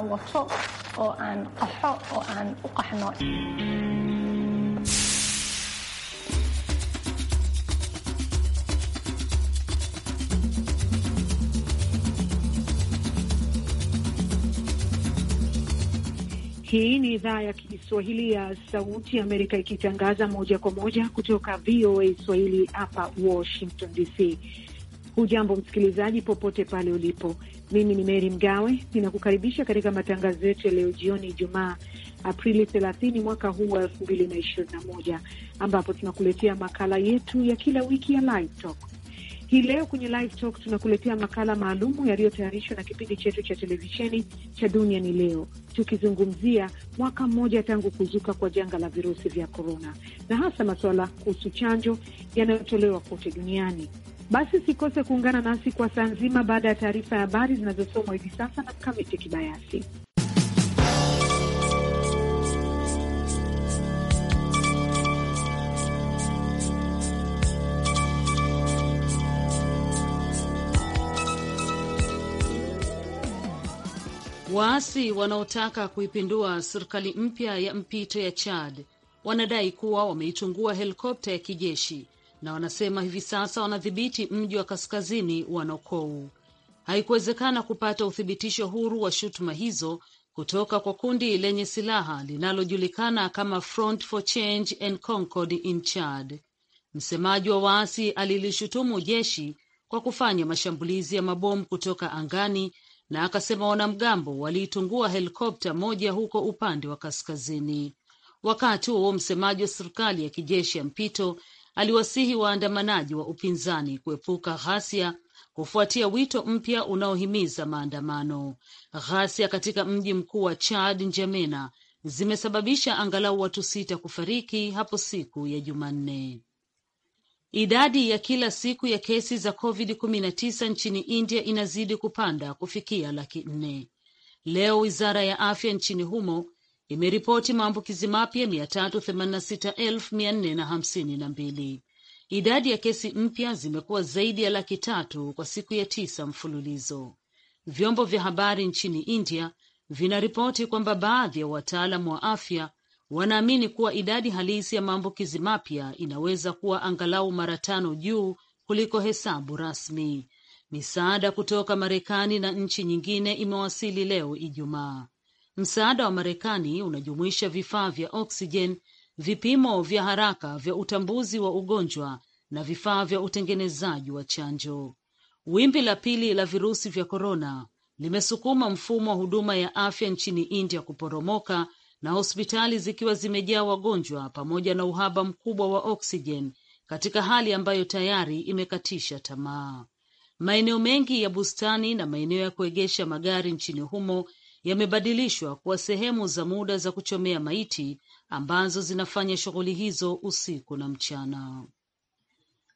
aan wato oo aan qaxo oo aan u qaxno Hii ni idhaa ya Kiswahili ya Sauti ya Amerika ikitangaza moja kwa moja kutoka VOA Swahili hapa Washington DC. Hujambo msikilizaji, popote pale ulipo. Mimi ni Meri Mgawe, ninakukaribisha katika matangazo yetu ya leo jioni, Ijumaa Aprili 30 mwaka huu wa 2021, ambapo tunakuletea makala yetu ya kila wiki ya Live Talk. Hii leo kwenye Live Talk tunakuletea makala maalumu yaliyotayarishwa na kipindi chetu cha televisheni cha Dunia ni Leo, tukizungumzia mwaka mmoja tangu kuzuka kwa janga la virusi vya korona, na hasa masuala kuhusu chanjo yanayotolewa kote duniani. Basi sikose kuungana nasi kwa saa nzima baada ya taarifa ya habari zinazosomwa hivi sasa na Mkamiti Kibayasi. Waasi wanaotaka kuipindua serikali mpya ya mpito ya Chad wanadai kuwa wameitungua helikopta ya kijeshi na wanasema hivi sasa wanadhibiti mji wa kaskazini wa Nokou. Haikuwezekana kupata uthibitisho huru wa shutuma hizo kutoka kwa kundi lenye silaha linalojulikana kama Front for Change and Concord in Chad. Msemaji wa waasi alilishutumu jeshi kwa kufanya mashambulizi ya mabomu kutoka angani na akasema wanamgambo waliitungua helikopta moja huko upande wa kaskazini. Wakati huo msemaji wa serikali ya kijeshi ya mpito aliwasihi waandamanaji wa upinzani kuepuka ghasia kufuatia wito mpya unaohimiza maandamano. Ghasia katika mji mkuu wa Chad, Njamena, zimesababisha angalau watu sita kufariki hapo siku ya Jumanne. Idadi ya kila siku ya kesi za COVID-19 nchini India inazidi kupanda kufikia laki nne. Leo wizara ya afya nchini humo imeripoti maambukizi mapya 386,452. Idadi ya kesi mpya zimekuwa zaidi ya laki tatu kwa siku ya tisa mfululizo. Vyombo vya habari nchini India vinaripoti kwamba baadhi ya wataalam wa afya wanaamini kuwa idadi halisi ya maambukizi mapya inaweza kuwa angalau mara tano juu kuliko hesabu rasmi. Misaada kutoka Marekani na nchi nyingine imewasili leo Ijumaa. Msaada wa Marekani unajumuisha vifaa vya oksijeni, vipimo vya haraka vya utambuzi wa ugonjwa na vifaa vya utengenezaji wa chanjo. Wimbi la pili la virusi vya korona limesukuma mfumo wa huduma ya afya nchini India kuporomoka na hospitali zikiwa zimejaa wagonjwa pamoja na uhaba mkubwa wa oksijeni katika hali ambayo tayari imekatisha tamaa. Maeneo mengi ya bustani na maeneo ya kuegesha magari nchini humo yamebadilishwa kuwa sehemu za muda za kuchomea maiti ambazo zinafanya shughuli hizo usiku na mchana.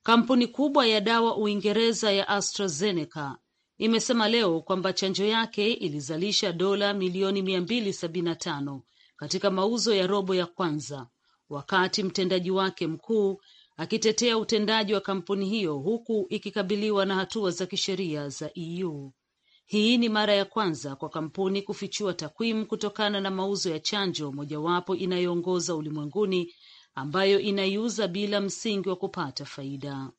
Kampuni kubwa ya dawa Uingereza ya AstraZeneca imesema leo kwamba chanjo yake ilizalisha dola milioni 275 katika mauzo ya robo ya kwanza, wakati mtendaji wake mkuu akitetea utendaji wa kampuni hiyo huku ikikabiliwa na hatua za kisheria za EU. Hii ni mara ya kwanza kwa kampuni kufichua takwimu kutokana na mauzo ya chanjo mojawapo inayoongoza ulimwenguni ambayo inaiuza bila msingi wa kupata faida.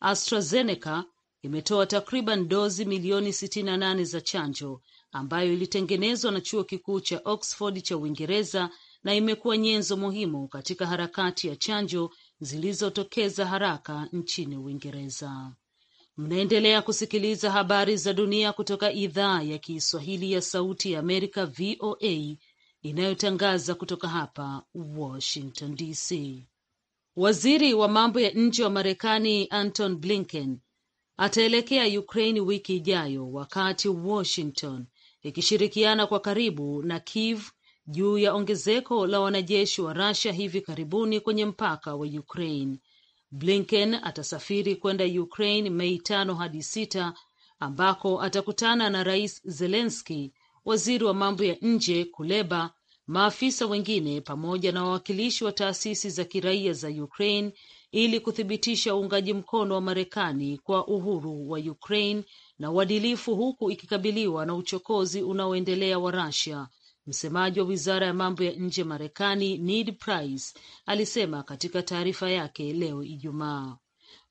AstraZeneca imetoa takriban dozi milioni 68 za chanjo ambayo ilitengenezwa na chuo kikuu cha Oxford cha Uingereza na imekuwa nyenzo muhimu katika harakati ya chanjo zilizotokeza haraka nchini Uingereza. Mnaendelea kusikiliza habari za dunia kutoka idhaa ya Kiswahili ya Sauti ya Amerika, VOA, inayotangaza kutoka hapa Washington DC. Waziri wa mambo ya nje wa Marekani Anton Blinken ataelekea ukrain wiki ijayo, wakati Washington ikishirikiana kwa karibu na Kiev juu ya ongezeko la wanajeshi wa Russia hivi karibuni kwenye mpaka wa Ukraine. Blinken atasafiri kwenda Ukraine Mei tano hadi sita ambako atakutana na Rais zelenski waziri wa mambo ya nje Kuleba, maafisa wengine pamoja na wawakilishi wa taasisi za kiraia za Ukraine ili kuthibitisha uungaji mkono wa Marekani kwa uhuru wa Ukraine na uadilifu, huku ikikabiliwa na uchokozi unaoendelea wa Russia Msemaji wa wizara ya mambo ya nje Marekani Ned Price alisema katika taarifa yake leo Ijumaa,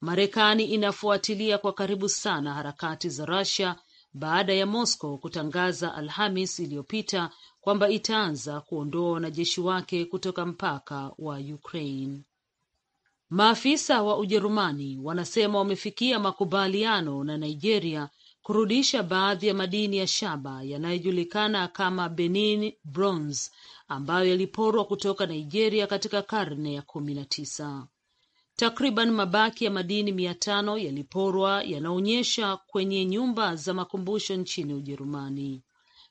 Marekani inafuatilia kwa karibu sana harakati za Rusia baada ya Moscow kutangaza Alhamis iliyopita kwamba itaanza kuondoa wanajeshi wake kutoka mpaka wa Ukraine. Maafisa wa Ujerumani wanasema wamefikia makubaliano na Nigeria kurudisha baadhi ya madini ya shaba yanayojulikana kama Benin Bronze ambayo yaliporwa kutoka Nigeria katika karne ya kumi na tisa. Takriban mabaki ya madini mia tano yaliporwa yanaonyesha kwenye nyumba za makumbusho nchini Ujerumani.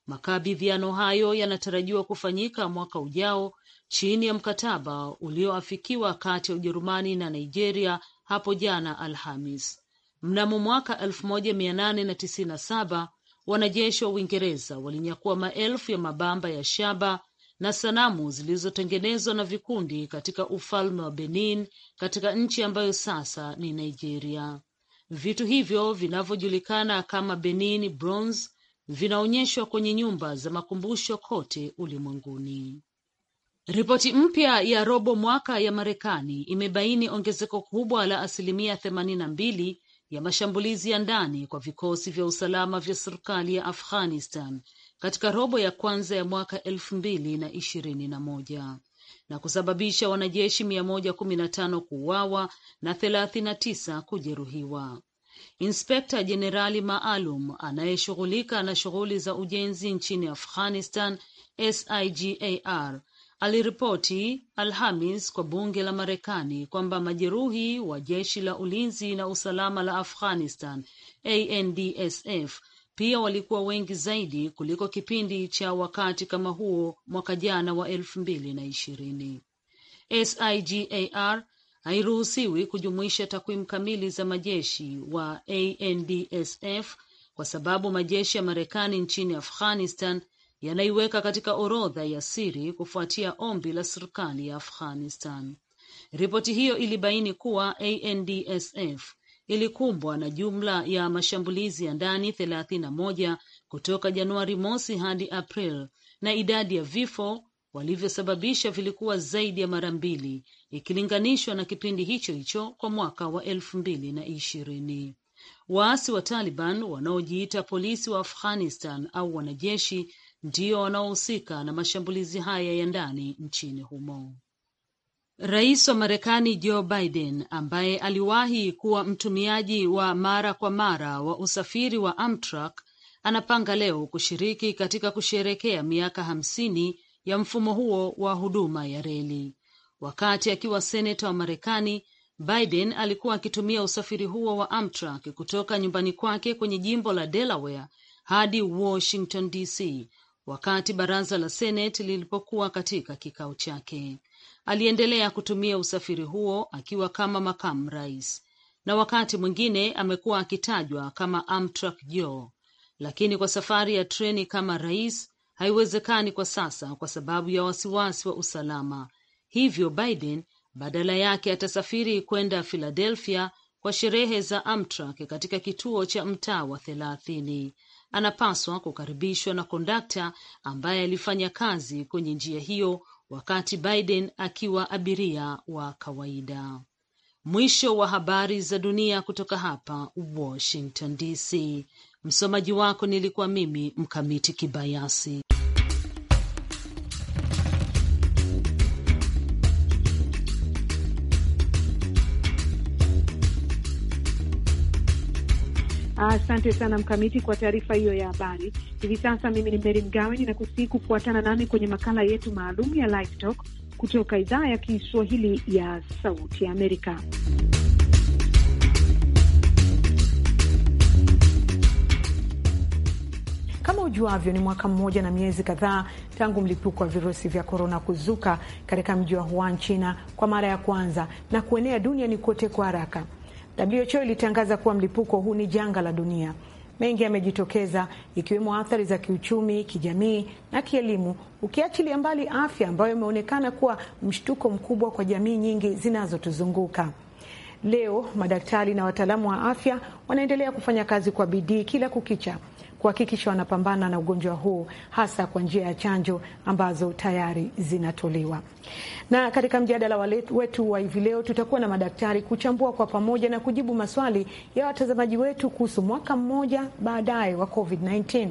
Makabidhiano hayo yanatarajiwa kufanyika mwaka ujao chini ya mkataba ulioafikiwa kati ya Ujerumani na Nigeria hapo jana Alhamis. Mnamo mwaka 1897 wanajeshi wa Uingereza walinyakua maelfu ya mabamba ya shaba na sanamu zilizotengenezwa na vikundi katika ufalme wa Benin katika nchi ambayo sasa ni Nigeria. Vitu hivyo vinavyojulikana kama Benin bronze vinaonyeshwa kwenye nyumba za makumbusho kote ulimwenguni. Ripoti mpya ya robo mwaka ya Marekani imebaini ongezeko kubwa la asilimia themanini na mbili ya mashambulizi ya ndani kwa vikosi vya usalama vya serikali ya Afghanistan katika robo ya kwanza ya mwaka elfu mbili na ishirini na moja na kusababisha wanajeshi mia moja kumi na tano kuuawa na thelathini na tisa kujeruhiwa. Inspekta Jenerali maalum anayeshughulika na shughuli za ujenzi nchini Afghanistan SIGAR aliripoti Alhamis kwa bunge la Marekani kwamba majeruhi wa jeshi la ulinzi na usalama la Afghanistan ANDSF pia walikuwa wengi zaidi kuliko kipindi cha wakati kama huo mwaka jana wa elfu mbili na ishirini. SIGAR hairuhusiwi kujumuisha takwimu kamili za majeshi wa ANDSF kwa sababu majeshi ya Marekani nchini Afghanistan yanaiweka katika orodha ya siri kufuatia ombi la serikali ya Afghanistan. Ripoti hiyo ilibaini kuwa ANDSF ilikumbwa na jumla ya mashambulizi ya ndani thelathini na moja kutoka Januari mosi hadi April na idadi ya vifo walivyosababisha vilikuwa zaidi ya mara mbili ikilinganishwa na kipindi hicho hicho kwa mwaka wa elfu mbili na ishirini. Waasi wa Taliban wanaojiita polisi wa Afghanistan au wanajeshi ndio wanaohusika na mashambulizi haya ya ndani nchini humo. Rais wa Marekani Joe Biden ambaye aliwahi kuwa mtumiaji wa mara kwa mara wa usafiri wa Amtrak anapanga leo kushiriki katika kusherekea miaka hamsini ya mfumo huo wa huduma ya reli. Wakati akiwa seneta wa Marekani, Biden alikuwa akitumia usafiri huo wa Amtrak kutoka nyumbani kwake kwenye jimbo la Delaware hadi Washington DC wakati baraza la Seneti lilipokuwa katika kikao chake. Aliendelea kutumia usafiri huo akiwa kama makamu rais, na wakati mwingine amekuwa akitajwa kama Amtrak Joe, lakini kwa safari ya treni kama rais haiwezekani kwa sasa kwa sababu ya wasiwasi wa usalama. Hivyo Biden badala yake atasafiri kwenda Philadelphia kwa sherehe za Amtrak katika kituo cha mtaa wa thelathini anapaswa kukaribishwa na kondakta ambaye alifanya kazi kwenye njia hiyo wakati Biden akiwa abiria wa kawaida. Mwisho wa habari za dunia kutoka hapa Washington DC. Msomaji wako nilikuwa mimi Mkamiti Kibayasi. Asante sana Mkamiti kwa taarifa hiyo ya habari. Hivi sasa mimi ni Meri Mgawe, ninakusihi kufuatana nami kwenye makala yetu maalum ya Live Talk kutoka idhaa ya Kiswahili ya Sauti ya Amerika. Kama ujuavyo, ni mwaka mmoja na miezi kadhaa tangu mlipuko wa virusi vya korona kuzuka katika mji wa Wuhan, China, kwa mara ya kwanza na kuenea duniani kote kwa haraka. WHO ilitangaza kuwa mlipuko huu ni janga la dunia. Mengi yamejitokeza ikiwemo athari za kiuchumi, kijamii na kielimu, ukiachilia mbali afya ambayo imeonekana kuwa mshtuko mkubwa kwa jamii nyingi zinazotuzunguka. Leo madaktari na wataalamu wa afya wanaendelea kufanya kazi kwa bidii kila kukicha kuhakikisha wanapambana na ugonjwa huu hasa kwa njia ya chanjo ambazo tayari zinatolewa. Na katika mjadala wetu wa hivi leo tutakuwa na madaktari kuchambua kwa pamoja na kujibu maswali ya watazamaji wetu kuhusu mwaka mmoja baadaye wa COVID-19.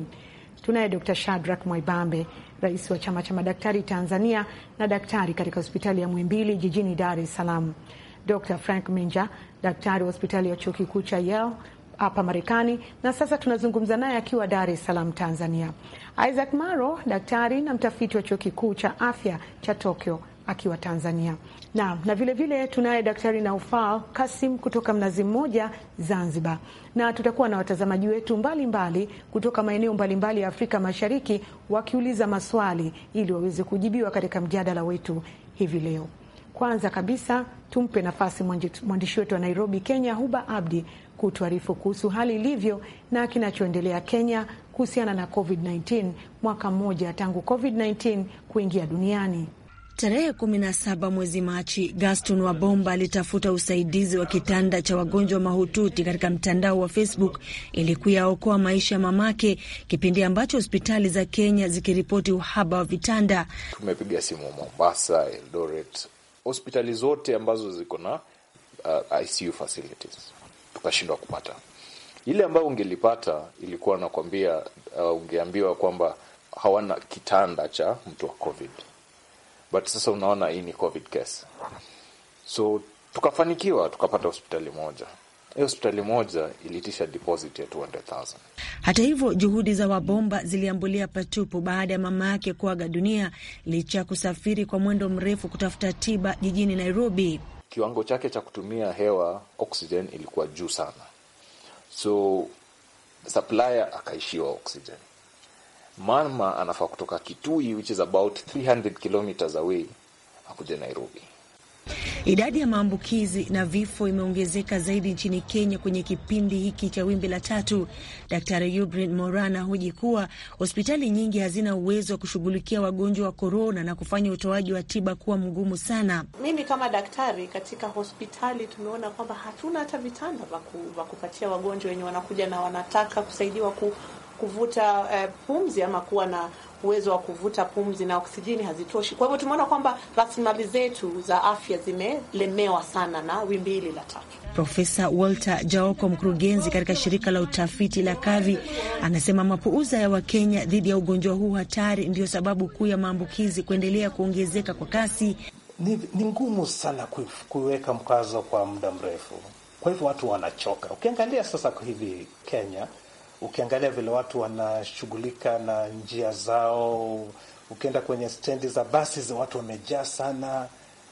Tunaye Dr. Shadrack Mwaibambe, rais wa chama cha madaktari Tanzania na daktari katika hospitali ya Muhimbili jijini Dar es Salaam, Dr. Frank Minja, daktari wa hospitali ya chuo kikuu cha Yale hapa Marekani, na sasa tunazungumza naye akiwa Dar es Salaam, Tanzania. Isaac Maro, daktari na mtafiti wa chuo kikuu cha afya cha Tokyo akiwa Tanzania na, na vilevile tunaye Daktari Naufal Kasim kutoka Mnazi Mmoja, Zanzibar, na tutakuwa na watazamaji wetu mbalimbali kutoka maeneo mbalimbali ya Afrika Mashariki wakiuliza maswali ili waweze kujibiwa katika mjadala wetu hivi leo. Kwanza kabisa tumpe nafasi mwandishi wetu wa Nairobi, Kenya, Huba Abdi kutuarifu kuhusu hali ilivyo na kinachoendelea Kenya kuhusiana na COVID-19 mwaka mmoja tangu COVID-19 kuingia duniani. Tarehe 17 mwezi Machi, Gaston Wabomba alitafuta usaidizi wa kitanda cha wagonjwa mahututi katika mtandao wa Facebook ili kuyaokoa maisha ya mamake, kipindi ambacho hospitali za Kenya zikiripoti uhaba wa vitanda. Tumepiga simu Mombasa, Eldoret, hospitali zote ambazo ziko na uh, ICU facilities tukashindwa kupata ile ambayo ungelipata. Ilikuwa nakwambia, uh, ungeambiwa kwamba hawana kitanda cha mtu wa COVID, but sasa unaona hii ni COVID case, so tukafanikiwa tukapata hospitali moja hiyo hospitali moja ilitisha deposit ya 200,000. Hata hivyo juhudi za Wabomba ziliambulia patupu baada ya mama yake kuaga dunia licha ya kusafiri kwa mwendo mrefu kutafuta tiba jijini Nairobi kiwango chake cha kutumia hewa oxygen ilikuwa juu sana, so supplier akaishiwa oxygen. Mama anafaa kutoka Kitui which is about 300 kilometers away akuje Nairobi Idadi ya maambukizi na vifo imeongezeka zaidi nchini Kenya kwenye kipindi hiki cha wimbi la tatu. Daktari Ubrin Moran anahoji kuwa hospitali nyingi hazina uwezo wa kushughulikia wagonjwa wa korona na kufanya utoaji wa tiba kuwa mgumu sana. Mimi kama daktari katika hospitali tumeona kwamba hatuna hata vitanda vya kupatia wagonjwa wenye wanakuja na wanataka kusaidiwa ku, kuvuta eh, pumzi ama kuwa na uwezo wa kuvuta pumzi na oksijeni hazitoshi. Kwa hivyo tumeona kwamba rasilimali zetu za afya zimelemewa sana na wimbi hili la tatu. Profesa Walter Jaoko, mkurugenzi katika shirika la utafiti la Kavi, anasema mapuuza ya Wakenya dhidi ya ugonjwa huu hatari ndiyo sababu kuu ya maambukizi kuendelea kuongezeka kwa kasi. Ni, ni ngumu sana kuweka mkazo kwa muda mrefu, kwa hivyo watu wanachoka. Ukiangalia sasa hivi Kenya ukiangalia vile watu wanashughulika na njia zao, ukienda kwenye stendi za basi watu wamejaa sana.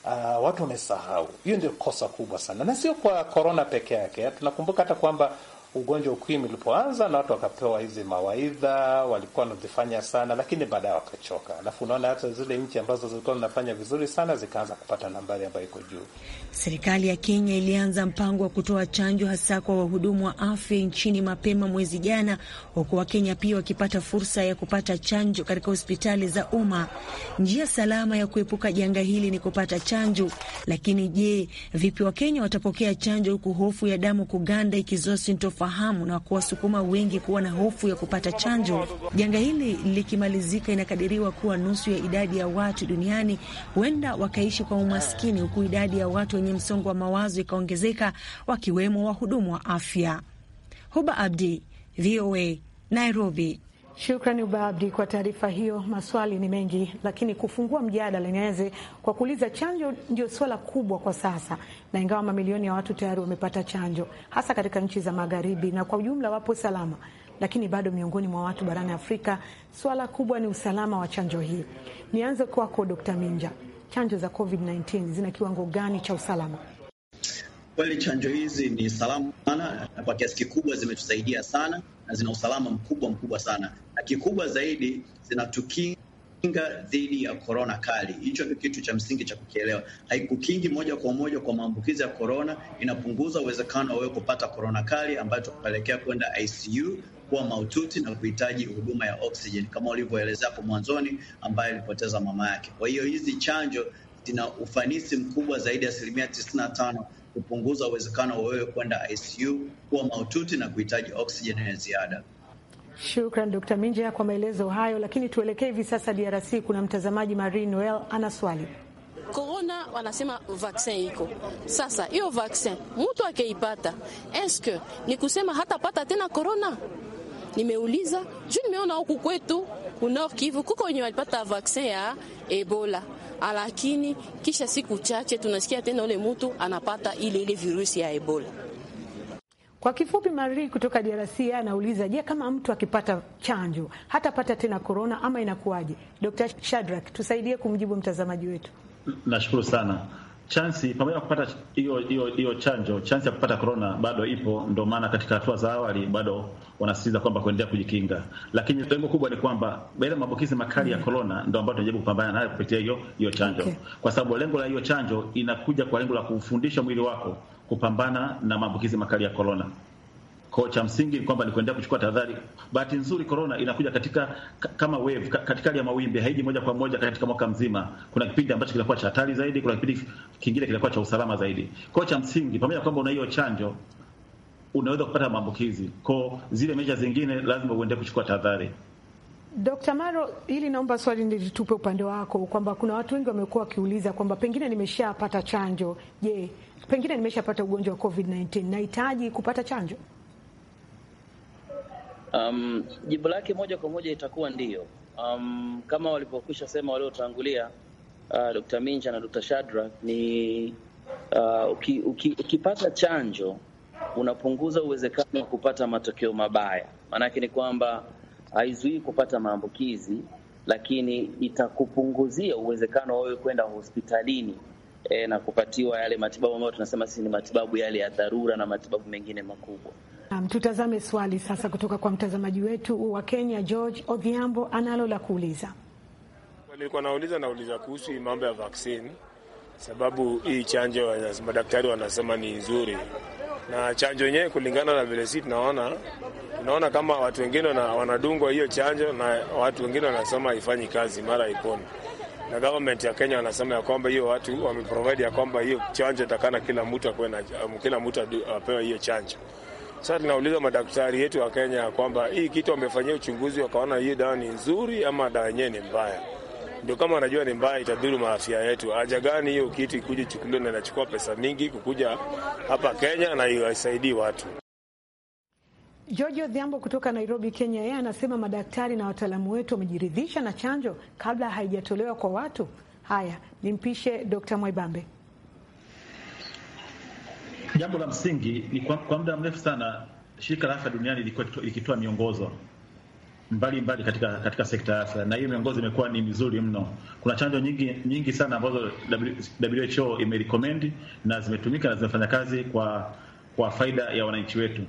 Uh, watu wamesahau. Hiyo ndio kosa kubwa sana, na sio kwa korona peke yake. Tunakumbuka hata kwamba ugonjwa ukimwi ulipoanza, na watu wakapewa hizi mawaidha, walikuwa wanazifanya sana, lakini baadaye wakachoka. Alafu unaona hata zile nchi ambazo zilikuwa zinafanya vizuri sana zikaanza kupata nambari ambayo iko juu. Serikali ya Kenya ilianza mpango wa kutoa chanjo hasa kwa wahudumu wa afya nchini mapema mwezi jana, huku Wakenya pia wakipata fursa ya kupata chanjo katika hospitali za umma. Njia salama ya kuepuka janga hili ni kupata chanjo, lakini je, vipi Wakenya watapokea chanjo huku hofu ya damu kuganda ikizoa ufahamu na kuwasukuma wengi kuwa na hofu ya kupata chanjo. Janga hili likimalizika, inakadiriwa kuwa nusu ya idadi ya watu duniani huenda wakaishi kwa umaskini, huku idadi ya watu wenye msongo wa mawazo ikaongezeka, wakiwemo wahudumu wa afya. Huba Abdi, VOA, Nairobi. Shukrani ubabdi kwa taarifa hiyo. Maswali ni mengi, lakini kufungua mjadala niweze kwa kuuliza, chanjo ndio suala kubwa kwa sasa, na ingawa mamilioni ya watu tayari wamepata chanjo, hasa katika nchi za magharibi na kwa ujumla wapo salama, lakini bado miongoni mwa watu barani Afrika swala kubwa ni usalama wa chanjo hii. Nianze kwako Dkt. Minja, chanjo za COVID-19 zina kiwango gani cha usalama? Kweli chanjo hizi ni salama sana na kwa kiasi kikubwa zimetusaidia sana na zina usalama mkubwa mkubwa sana, na kikubwa zaidi zinatukinga dhidi ya korona kali. Hicho ndio kitu cha msingi cha kukielewa. Haikukingi moja kwa moja kwa maambukizi ya korona, inapunguza uwezekano wa wewe kupata korona kali ambayo tukupelekea kwenda ICU kuwa maututi na kuhitaji huduma ya oksijeni, kama ulivyoelezea hapo mwanzoni, ambaye alipoteza mama yake. Kwa hiyo hizi chanjo zina ufanisi mkubwa zaidi ya asilimia tisini na tano kupunguza uwezekano wa wewe kwenda ICU, kuwa mahututi na kuhitaji oksijeni ya ziada. Shukran Dr. Minja kwa maelezo hayo, lakini tuelekee hivi sasa DRC. Kuna mtazamaji Marie Noel ana swali. Corona wanasema vaksin iko sasa, hiyo vaksin mtu akeipata eske ni kusema hatapata tena corona? Nimeuliza juu nimeona huku kwetu kunor Kivu kuko wenye walipata vaksin ya Ebola Ah, lakini kisha siku chache tunasikia tena ule mtu anapata ile ile virusi ya Ebola. Kwa kifupi, mari kutoka DRC anauliza, je, kama mtu akipata chanjo hatapata tena korona ama inakuwaje? Dr. Shadrack, tusaidie kumjibu mtazamaji wetu. Nashukuru sana chansi pamoja na kupata hiyo hiyo hiyo chanjo, chansi ya kupata corona bado ipo. Ndio maana katika hatua za awali bado wanasisitiza kwamba kuendelea kujikinga, lakini lengo kubwa ni kwamba bila maambukizi makali ya mm. corona ndio ambayo tunajaribu kupambana nayo kupitia hiyo hiyo chanjo okay. kwa sababu lengo la hiyo chanjo inakuja kwa lengo la kufundisha mwili wako kupambana na maambukizi makali ya corona. Kwa cha msingi ni kwamba ni kuendelea kuchukua tahadhari. Bahati nzuri corona inakuja katika kama wave, katika hali ya mawimbi, haiji moja kwa moja katika mwaka mzima. Kuna kipindi ambacho kinakuwa cha hatari zaidi, kuna kipindi kingine kinakuwa cha usalama zaidi. Kwa cha msingi, pamoja na kwamba una hiyo chanjo unaweza kupata maambukizi, kwa zile meja zingine lazima uendelee kuchukua tahadhari. Dr. Maro, hili naomba swali nilitupe upande wako kwamba kuna watu wengi wamekuwa wakiuliza kwamba pengine nimeshapata chanjo. Je, pengine nimeshapata ugonjwa wa COVID-19 nahitaji kupata chanjo? Um, jibu lake moja kwa moja itakuwa ndiyo. Um, kama walivyokwisha sema waliotangulia, uh, Dr. Minja na Dr. shadra ni uh, uki, uki, ukipata chanjo unapunguza uwezekano wa kupata matokeo mabaya. Maanake ni kwamba haizuii kupata maambukizi, lakini itakupunguzia uwezekano wa wewe kwenda hospitalini e, na kupatiwa yale matibabu ambayo tunasema sisi ni matibabu yale ya dharura na matibabu mengine makubwa. Um, tutazame swali sasa kutoka kwa mtazamaji wetu wa Kenya George Odhiambo analo la kuuliza. Nilikuwa nauliza nauliza kuhusu mambo ya vaccine, sababu hii chanjo madaktari wanasema ni nzuri, na chanjo yenyewe kulingana na vile sisi tunaona tunaona kama watu wengine wanadungwa hiyo chanjo na watu wengine wanasema haifanyi kazi, mara ipone na government ya Kenya wanasema ya kwamba hiyo watu wameprovide ya kwamba hiyo chanjo takana kila mtu akwe na um, kila mtu apewe hiyo chanjo. Sasa tunauliza madaktari yetu wa Kenya ya kwamba hii kitu wamefanyia uchunguzi wakaona hii dawa ni nzuri ama dawa yenyewe ni mbaya. Ndio kama anajua ni mbaya itadhuru maafya yetu. Haja gani hiyo kitu ikuje chukuliwa na inachukua pesa mingi kukuja hapa Kenya na iwasaidii watu. Jojo Dhiambo kutoka Nairobi, Kenya, yeye anasema madaktari na wataalamu wetu wamejiridhisha na chanjo kabla haijatolewa kwa watu. Haya, nimpishe Dr. Mwaibambe. Jambo la msingi ni kwa, kwa muda mrefu sana shirika la afya duniani lilikuwa likitoa miongozo mbalimbali mbali katika, katika sekta ya afya, na hiyo miongozo imekuwa ni mizuri mno. Kuna chanjo nyingi nyingi sana ambazo WHO imerecommend na zimetumika na zinafanya kazi kwa, kwa faida ya wananchi wetu.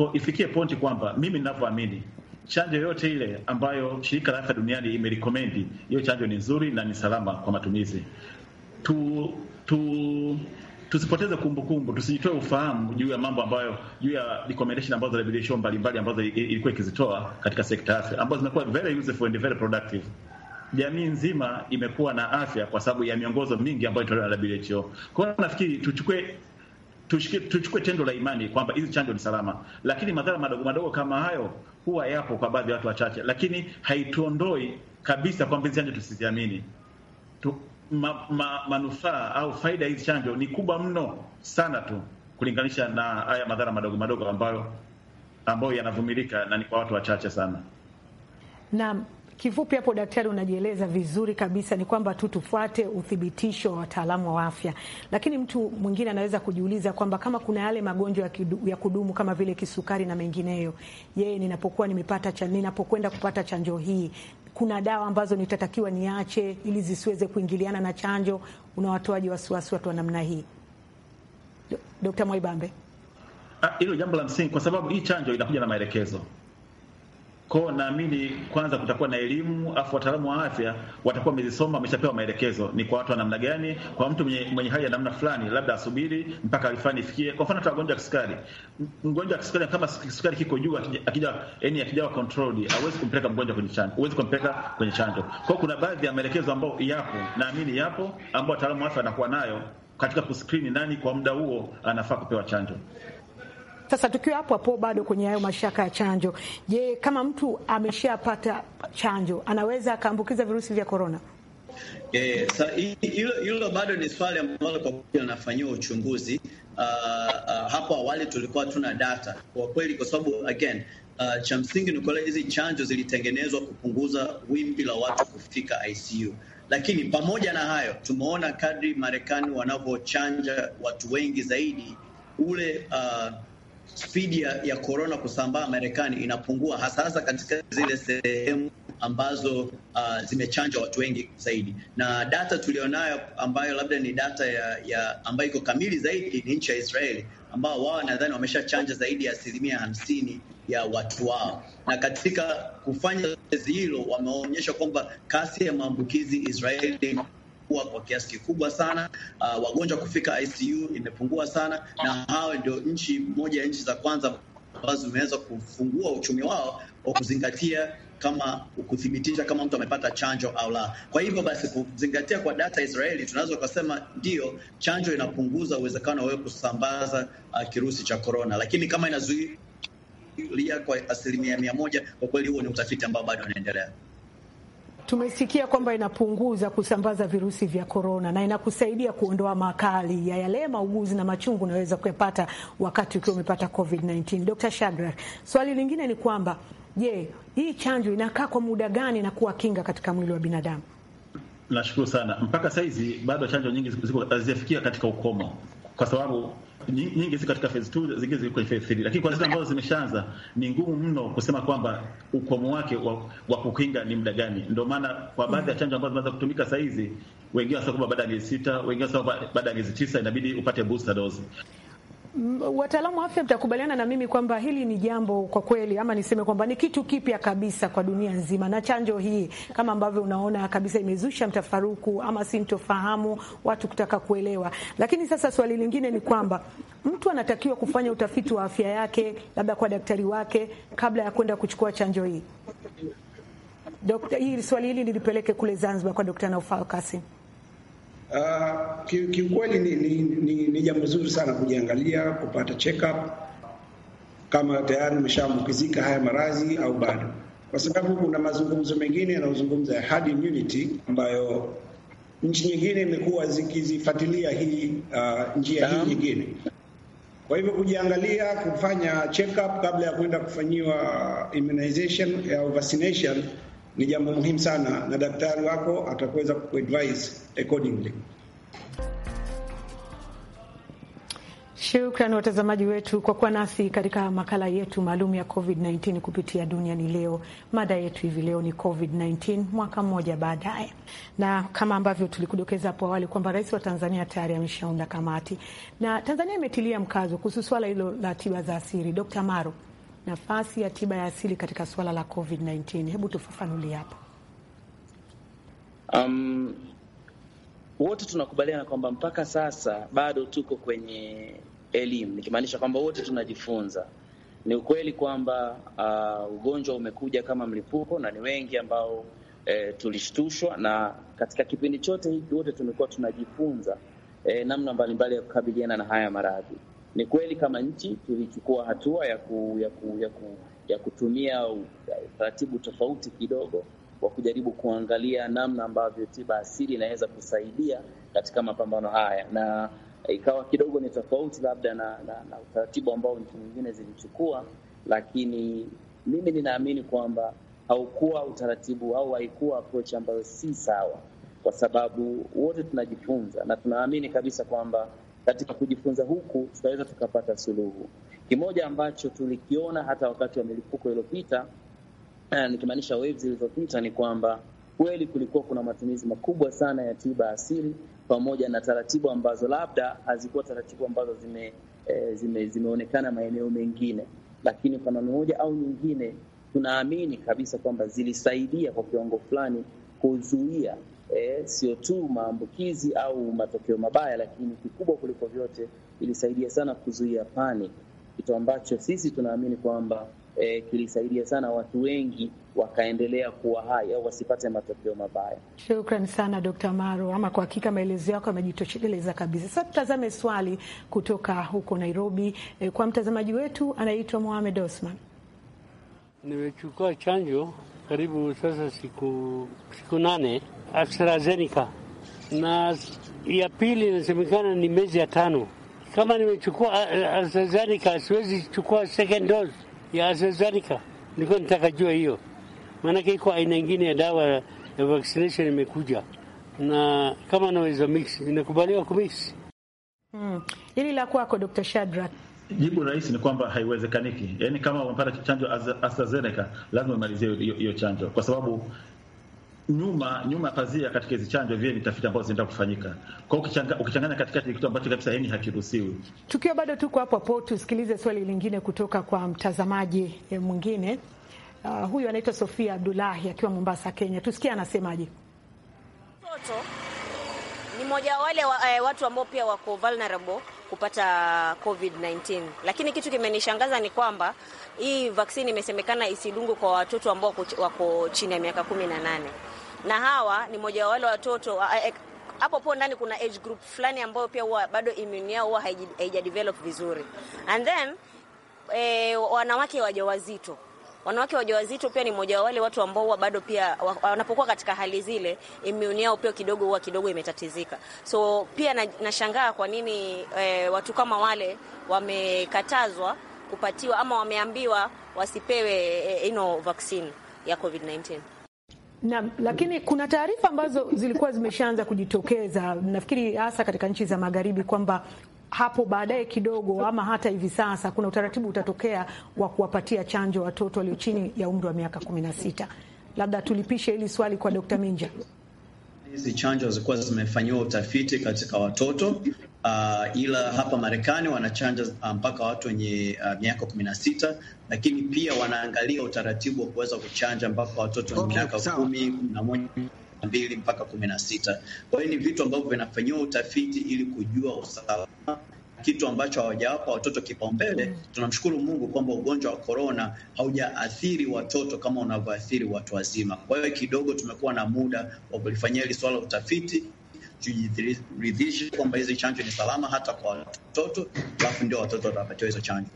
Kwa ifikie pointi kwamba mimi ninavyoamini chanjo yoyote ile ambayo shirika la afya duniani imerikomendi, hiyo chanjo ni nzuri na ni salama kwa matumizi. tu, tu tusipoteze kumbukumbu, tusijitoe ufahamu juu ya mambo ambayo juu ya recommendation ambazo WHO mbalimbali ambazo ilikuwa ikizitoa katika sekta afya ambazo zimekuwa very useful and very productive. Jamii nzima imekuwa na afya kwa sababu ya miongozo mingi ambayo itolewa na WHO. Kwa hiyo nafikiri tuchukue tuchukue tendo la imani kwamba hizi chanjo ni salama, lakini madhara madogo madogo kama hayo huwa yapo kwa baadhi ya watu wachache, lakini haituondoi kabisa kwamba hizi chanjo tusiziamini tu, ma, ma, manufaa au faida hizi chanjo ni kubwa mno sana tu kulinganisha na haya madhara madogo madogo ambayo ambayo yanavumilika na ni kwa watu wachache sana. Naam. Kifupi hapo daktari, unajieleza vizuri kabisa, ni kwamba tu tufuate uthibitisho wa wataalamu wa afya. Lakini mtu mwingine anaweza kujiuliza kwamba kama kuna yale magonjwa ya kudumu kama vile kisukari na mengineyo, yeye ninapokuwa nimepata cha, ninapokwenda kupata chanjo hii kuna dawa ambazo nitatakiwa niache ili zisiweze kuingiliana na chanjo? Unawatoaji wasiwasi watu wa namna hii, Dokta Mwaibambe? Ah, hilo jambo la msingi, kwa sababu hii chanjo inakuja na maelekezo Kwao naamini kwanza kutakuwa na elimu, afu wataalamu wa afya watakuwa wamezisoma, wameshapewa maelekezo ni kwa watu wa namna gani. Kwa mtu mwenye, mwenye hali ya namna fulani, labda asubiri mpaka alifani ifikie. Kwa mfano, hata wagonjwa wa kisukari, mgonjwa wa kisukari kama kisukari kiko juu, akija yani akijawa controlled, hawezi kumpeleka mgonjwa kwenye chanjo, hawezi kumpeleka kwenye chanjo. Kwao kuna baadhi ya maelekezo ambayo yapo, naamini yapo, ambao wataalamu wa afya wanakuwa nayo katika kuskrini nani kwa muda huo anafaa kupewa chanjo. Sasa tukiwa hapo hapo bado kwenye hayo mashaka ya chanjo, je, kama mtu ameshapata chanjo anaweza akaambukiza virusi vya korona? Hilo eh, yeah, bado ni swali ambalo kwa kweli linafanyiwa uchunguzi. Uh, uh, hapo awali tulikuwa tuna data kwa kweli, kwa sababu again uh, cha msingi ni kwamba hizi chanjo zilitengenezwa kupunguza wimbi la watu kufika ICU, lakini pamoja na hayo tumeona kadri Marekani wanavyochanja watu wengi zaidi ule uh, spidi ya korona kusambaa Marekani inapungua, hasa hasa katika zile sehemu ambazo uh, zimechanja watu wengi zaidi, na data tulionayo ambayo labda ni data ya, ya ambayo iko kamili zaidi ni nchi ya Israeli ambao wao nadhani wameshachanja zaidi ya asilimia hamsini ya watu wao, na katika kufanya zoezi hilo wameonyesha kwamba kasi ya maambukizi Israeli imepungua kwa kiasi kikubwa sana. Uh, wagonjwa kufika ICU imepungua sana, na hawa ndio nchi moja ya nchi za kwanza ambazo zimeweza kufungua uchumi wao kwa kuzingatia kama kuthibitisha kama mtu amepata chanjo au la. Kwa hivyo basi, kuzingatia kwa data Israeli, tunaweza ukasema ndio chanjo inapunguza uwezekano wa wewe kusambaza uh, kirusi cha korona, lakini kama inazuia kwa asilimia mia moja, kwa kweli huo ni utafiti ambao bado unaendelea tumesikia kwamba inapunguza kusambaza virusi vya korona na inakusaidia kuondoa makali ya yale mauguzi na machungu unaweza kuyapata wakati ukiwa umepata COVID-19. Dr. Shadrack, swali lingine ni kwamba je, yeah, hii chanjo inakaa kwa muda gani na kuwa kinga katika mwili wa binadamu? Nashukuru sana, mpaka saizi bado chanjo nyingi ziko hazijafikia katika ukomo, kwa sababu nyingi ziko katika phase 2, zingine ziko kwenye phase 3, lakini kwa zile ambazo zimeshaanza ni ngumu mno kusema kwamba ukomo wake wa, wa kukinga ni muda gani. Ndio maana kwa baadhi ya chanjo ambazo zimeanza kutumika sasa hizi, wengine wanasema kwamba baada ya miezi sita, wengine wanasema baada ya miezi tisa inabidi upate booster dose. Wataalamu wa afya mtakubaliana na mimi kwamba hili ni jambo kwa kweli, ama niseme kwamba ni kitu kipya kabisa kwa dunia nzima, na chanjo hii kama ambavyo unaona kabisa imezusha mtafaruku ama sintofahamu, watu kutaka kuelewa. Lakini sasa swali lingine ni kwamba mtu anatakiwa kufanya utafiti wa afya yake, labda kwa daktari wake, kabla ya kwenda kuchukua chanjo hii. Dokta, hii swali hili nilipeleke kule Zanzibar kwa Dokta Naufal Kasim. Uh, kiukweli ki ni, ni, ni, ni jambo zuri sana kujiangalia, kupata check up kama tayari umeshaambukizika haya maradhi au bado, kwa sababu kuna mazungumzo mengine yanayozungumza ya herd immunity ambayo nchi nyingine imekuwa zikizifuatilia hii uh, njia hii nyingine. Kwa hivyo kujiangalia, kufanya check up kabla ya kwenda kufanyiwa immunization au vaccination ni jambo muhimu sana, na daktari wako atakuweza kuadvise accordingly. Shukran watazamaji wetu kwa kuwa nasi katika makala yetu maalum ya COVID-19 kupitia Duniani Leo. Mada yetu hivi leo ni COVID-19 mwaka mmoja baadaye, na kama ambavyo tulikudokeza hapo awali kwamba rais wa Tanzania tayari ameshaunda kamati na Tanzania imetilia mkazo kuhusu swala hilo la tiba za asili. Dr. Maro nafasi ya tiba ya asili katika suala la COVID-19. Hebu tufafanulie hapo. Um, wote tunakubaliana kwamba mpaka sasa bado tuko kwenye elimu, nikimaanisha kwamba wote tunajifunza. Ni ukweli kwamba uh, ugonjwa umekuja kama mlipuko na ni wengi ambao E, tulishtushwa na katika kipindi chote hiki wote tumekuwa tunajifunza e, namna mbalimbali ya kukabiliana na haya maradhi. Ni kweli kama nchi tulichukua hatua ya, ku, ya, ku, ya, ku, ya kutumia taratibu tofauti kidogo wa kujaribu kuangalia namna ambavyo tiba asili inaweza kusaidia katika mapambano haya, na ikawa kidogo ni tofauti labda na, na, na utaratibu ambao nchi nyingine zilichukua, lakini mimi ninaamini kwamba haukuwa utaratibu au haikuwa approach ambayo si sawa, kwa sababu wote tunajifunza na tunaamini kabisa kwamba katika kujifunza huku tutaweza tukapata suluhu. Kimoja ambacho tulikiona hata wakati wa milipuko iliyopita, nikimaanisha waves zilizopita, ni kwamba kweli kulikuwa kuna matumizi makubwa sana ya tiba asili pamoja na taratibu ambazo labda hazikuwa taratibu ambazo zime, e, zime, zimeonekana maeneo mengine, lakini kwa namna moja au nyingine tunaamini kabisa kwamba zilisaidia kwa kiwango fulani kuzuia eh, sio tu maambukizi au matokeo mabaya, lakini kikubwa kuliko vyote ilisaidia sana kuzuia panic, kitu ambacho sisi tunaamini kwamba eh, kilisaidia sana watu wengi wakaendelea kuwa hai au wasipate matokeo mabaya. Shukran sana Dr. Maro, ama kwa hakika maelezo yako yamejitosheleza kabisa. Sasa tutazame swali kutoka huko Nairobi eh, kwa mtazamaji wetu anaitwa Mohamed Osman. Nimechukua chanjo karibu sasa siku, siku nane AstraZeneca na ya pili inasemekana ni miezi ya tano. Kama nimechukua AstraZeneca, siwezi chukua second dose ya AstraZeneca, nilikuwa nitakajua hiyo, maanake iko aina ingine ya dawa ya vaccination imekuja, na kama naweza mix, inakubaliwa kumix. Mm. la kwako Dr. Shadrack. Jibu rahisi ni kwamba haiwezekaniki. Yaani, kama umepata chanjo AstraZeneca lazima umalizie hiyo chanjo, kwa sababu nyuma nyuma ya pazia katika hizi chanjo vile ni tafiti ambazo zinaenda kufanyika. Kwa hiyo ukichanganya, katikati ni kitu ambacho kabisa yani hakiruhusiwi. Tukiwa bado tuko hapo hapo, tusikilize swali lingine kutoka kwa mtazamaji eh, mwingine. Uh, huyu anaitwa Sofia Abdullahi akiwa Mombasa, Kenya. Tusikie anasemaje. Mtoto ni mmoja wale wa, eh, watu ambao pia wako vulnerable kupata COVID-19. Lakini kitu kimenishangaza ni kwamba hii vaksini imesemekana isidungwe kwa watoto ambao wako chini ya miaka 18, na hawa ni moja wa wale watoto hapo po ndani kuna age group fulani ambayo pia huwa bado immune yao huwa haijadevelop vizuri, and then eh, wanawake wajawazito Wanawake wajawazito pia ni mmoja wa wale watu ambao bado pia wanapokuwa katika hali zile, immune yao pia kidogo huwa kidogo imetatizika. So pia nashangaa na kwa nini eh, watu kama wale wamekatazwa kupatiwa ama wameambiwa wasipewe eh, ino vaccine ya COVID-19. na lakini kuna taarifa ambazo zilikuwa zimeshaanza kujitokeza, nafikiri hasa katika nchi za magharibi, kwamba hapo baadaye kidogo ama hata hivi sasa kuna utaratibu utatokea wa kuwapatia chanjo watoto walio chini ya umri wa miaka kumi na sita. Labda tulipishe hili swali kwa Dr. Minja. Hizi chanjo zilikuwa zimefanyiwa utafiti katika watoto Uh, ila hapa Marekani wanachanja uh, mpaka watu wenye uh, miaka kumi na sita, lakini pia wanaangalia utaratibu wa kuweza kuchanja mpaka watoto wenye okay, miaka kumi na moja mbili mpaka kumi na sita. Kwa hiyo ni vitu ambavyo vinafanyiwa utafiti ili kujua usalama kitu ambacho hawajawapa watoto kipaumbele. Mm. Tunamshukuru Mungu kwamba ugonjwa wa korona haujaathiri watoto kama unavyoathiri watu wazima. Kwa hiyo kidogo tumekuwa na muda wa kulifanyia hili swala utafiti, tujiridhishe kwamba hizi chanjo ni salama hata kwa watoto, alafu ndio watoto watapatiwa hizo chanjo.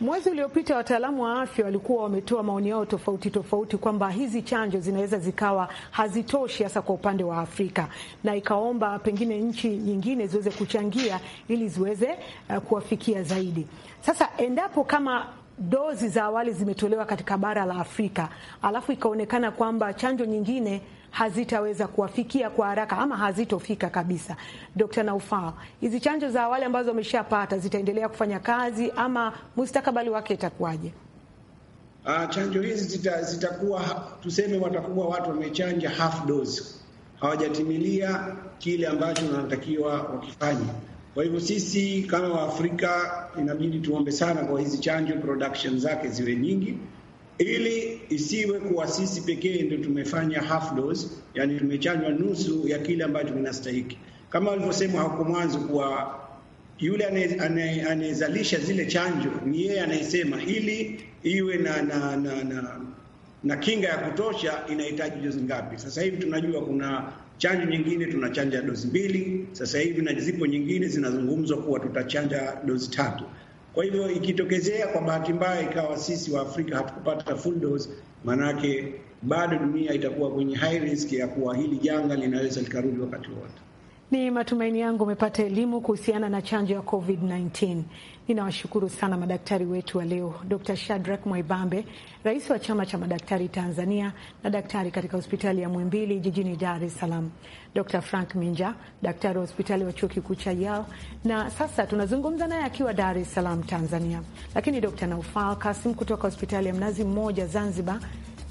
Mwezi uliopita wataalamu wa afya walikuwa wametoa maoni yao tofauti tofauti kwamba hizi chanjo zinaweza zikawa hazitoshi hasa kwa upande wa Afrika, na ikaomba pengine nchi nyingine ziweze kuchangia ili ziweze uh, kuwafikia zaidi. Sasa endapo kama dozi za awali zimetolewa katika bara la Afrika alafu ikaonekana kwamba chanjo nyingine hazitaweza kuwafikia kwa haraka ama hazitofika kabisa. Dkt. Naufal, hizi chanjo za awali ambazo wameshapata zitaendelea kufanya kazi ama mustakabali wake itakuwaje? Uh, chanjo hizi zitakuwa zita tuseme, watakuwa watu wamechanja half dose, hawajatimilia kile ambacho wanatakiwa wakifanye. Kwa hivyo sisi kama Waafrika inabidi tuombe sana kwa hizi chanjo, production zake ziwe nyingi ili isiwe kuwa sisi pekee ndio tumefanya half dose, yani tumechanjwa nusu ya kile ambacho kinastahiki. Kama walivyosema hapo mwanzo kuwa yule anayezalisha zile chanjo ni yeye anayesema, ili iwe na, na, na, na, na kinga ya kutosha inahitaji dozi ngapi. Sasa hivi tunajua kuna chanjo nyingine tunachanja dozi mbili sasa hivi, na zipo nyingine zinazungumzwa kuwa tutachanja dozi tatu. Kwa hivyo ikitokezea kwa bahati mbaya ikawa sisi wa Afrika hatukupata full dose, maanake bado dunia itakuwa kwenye high risk ya kuwa hili janga linaweza likarudi wakati wote Ni matumaini yangu umepata elimu kuhusiana na chanjo ya COVID-19. Ninawashukuru sana madaktari wetu wa leo, Dr Shadrack Mwaibambe, rais wa chama cha madaktari Tanzania, na daktari katika hospitali ya Mwimbili jijini Dar es Salaam, Dr. Frank Minja, daktari wa hospitali wa chuo kikuu cha Yale, na sasa tunazungumza naye akiwa Dar es Salaam, Tanzania. Lakini Dr. Naufal Kasim kutoka hospitali ya Mnazi Mmoja Zanzibar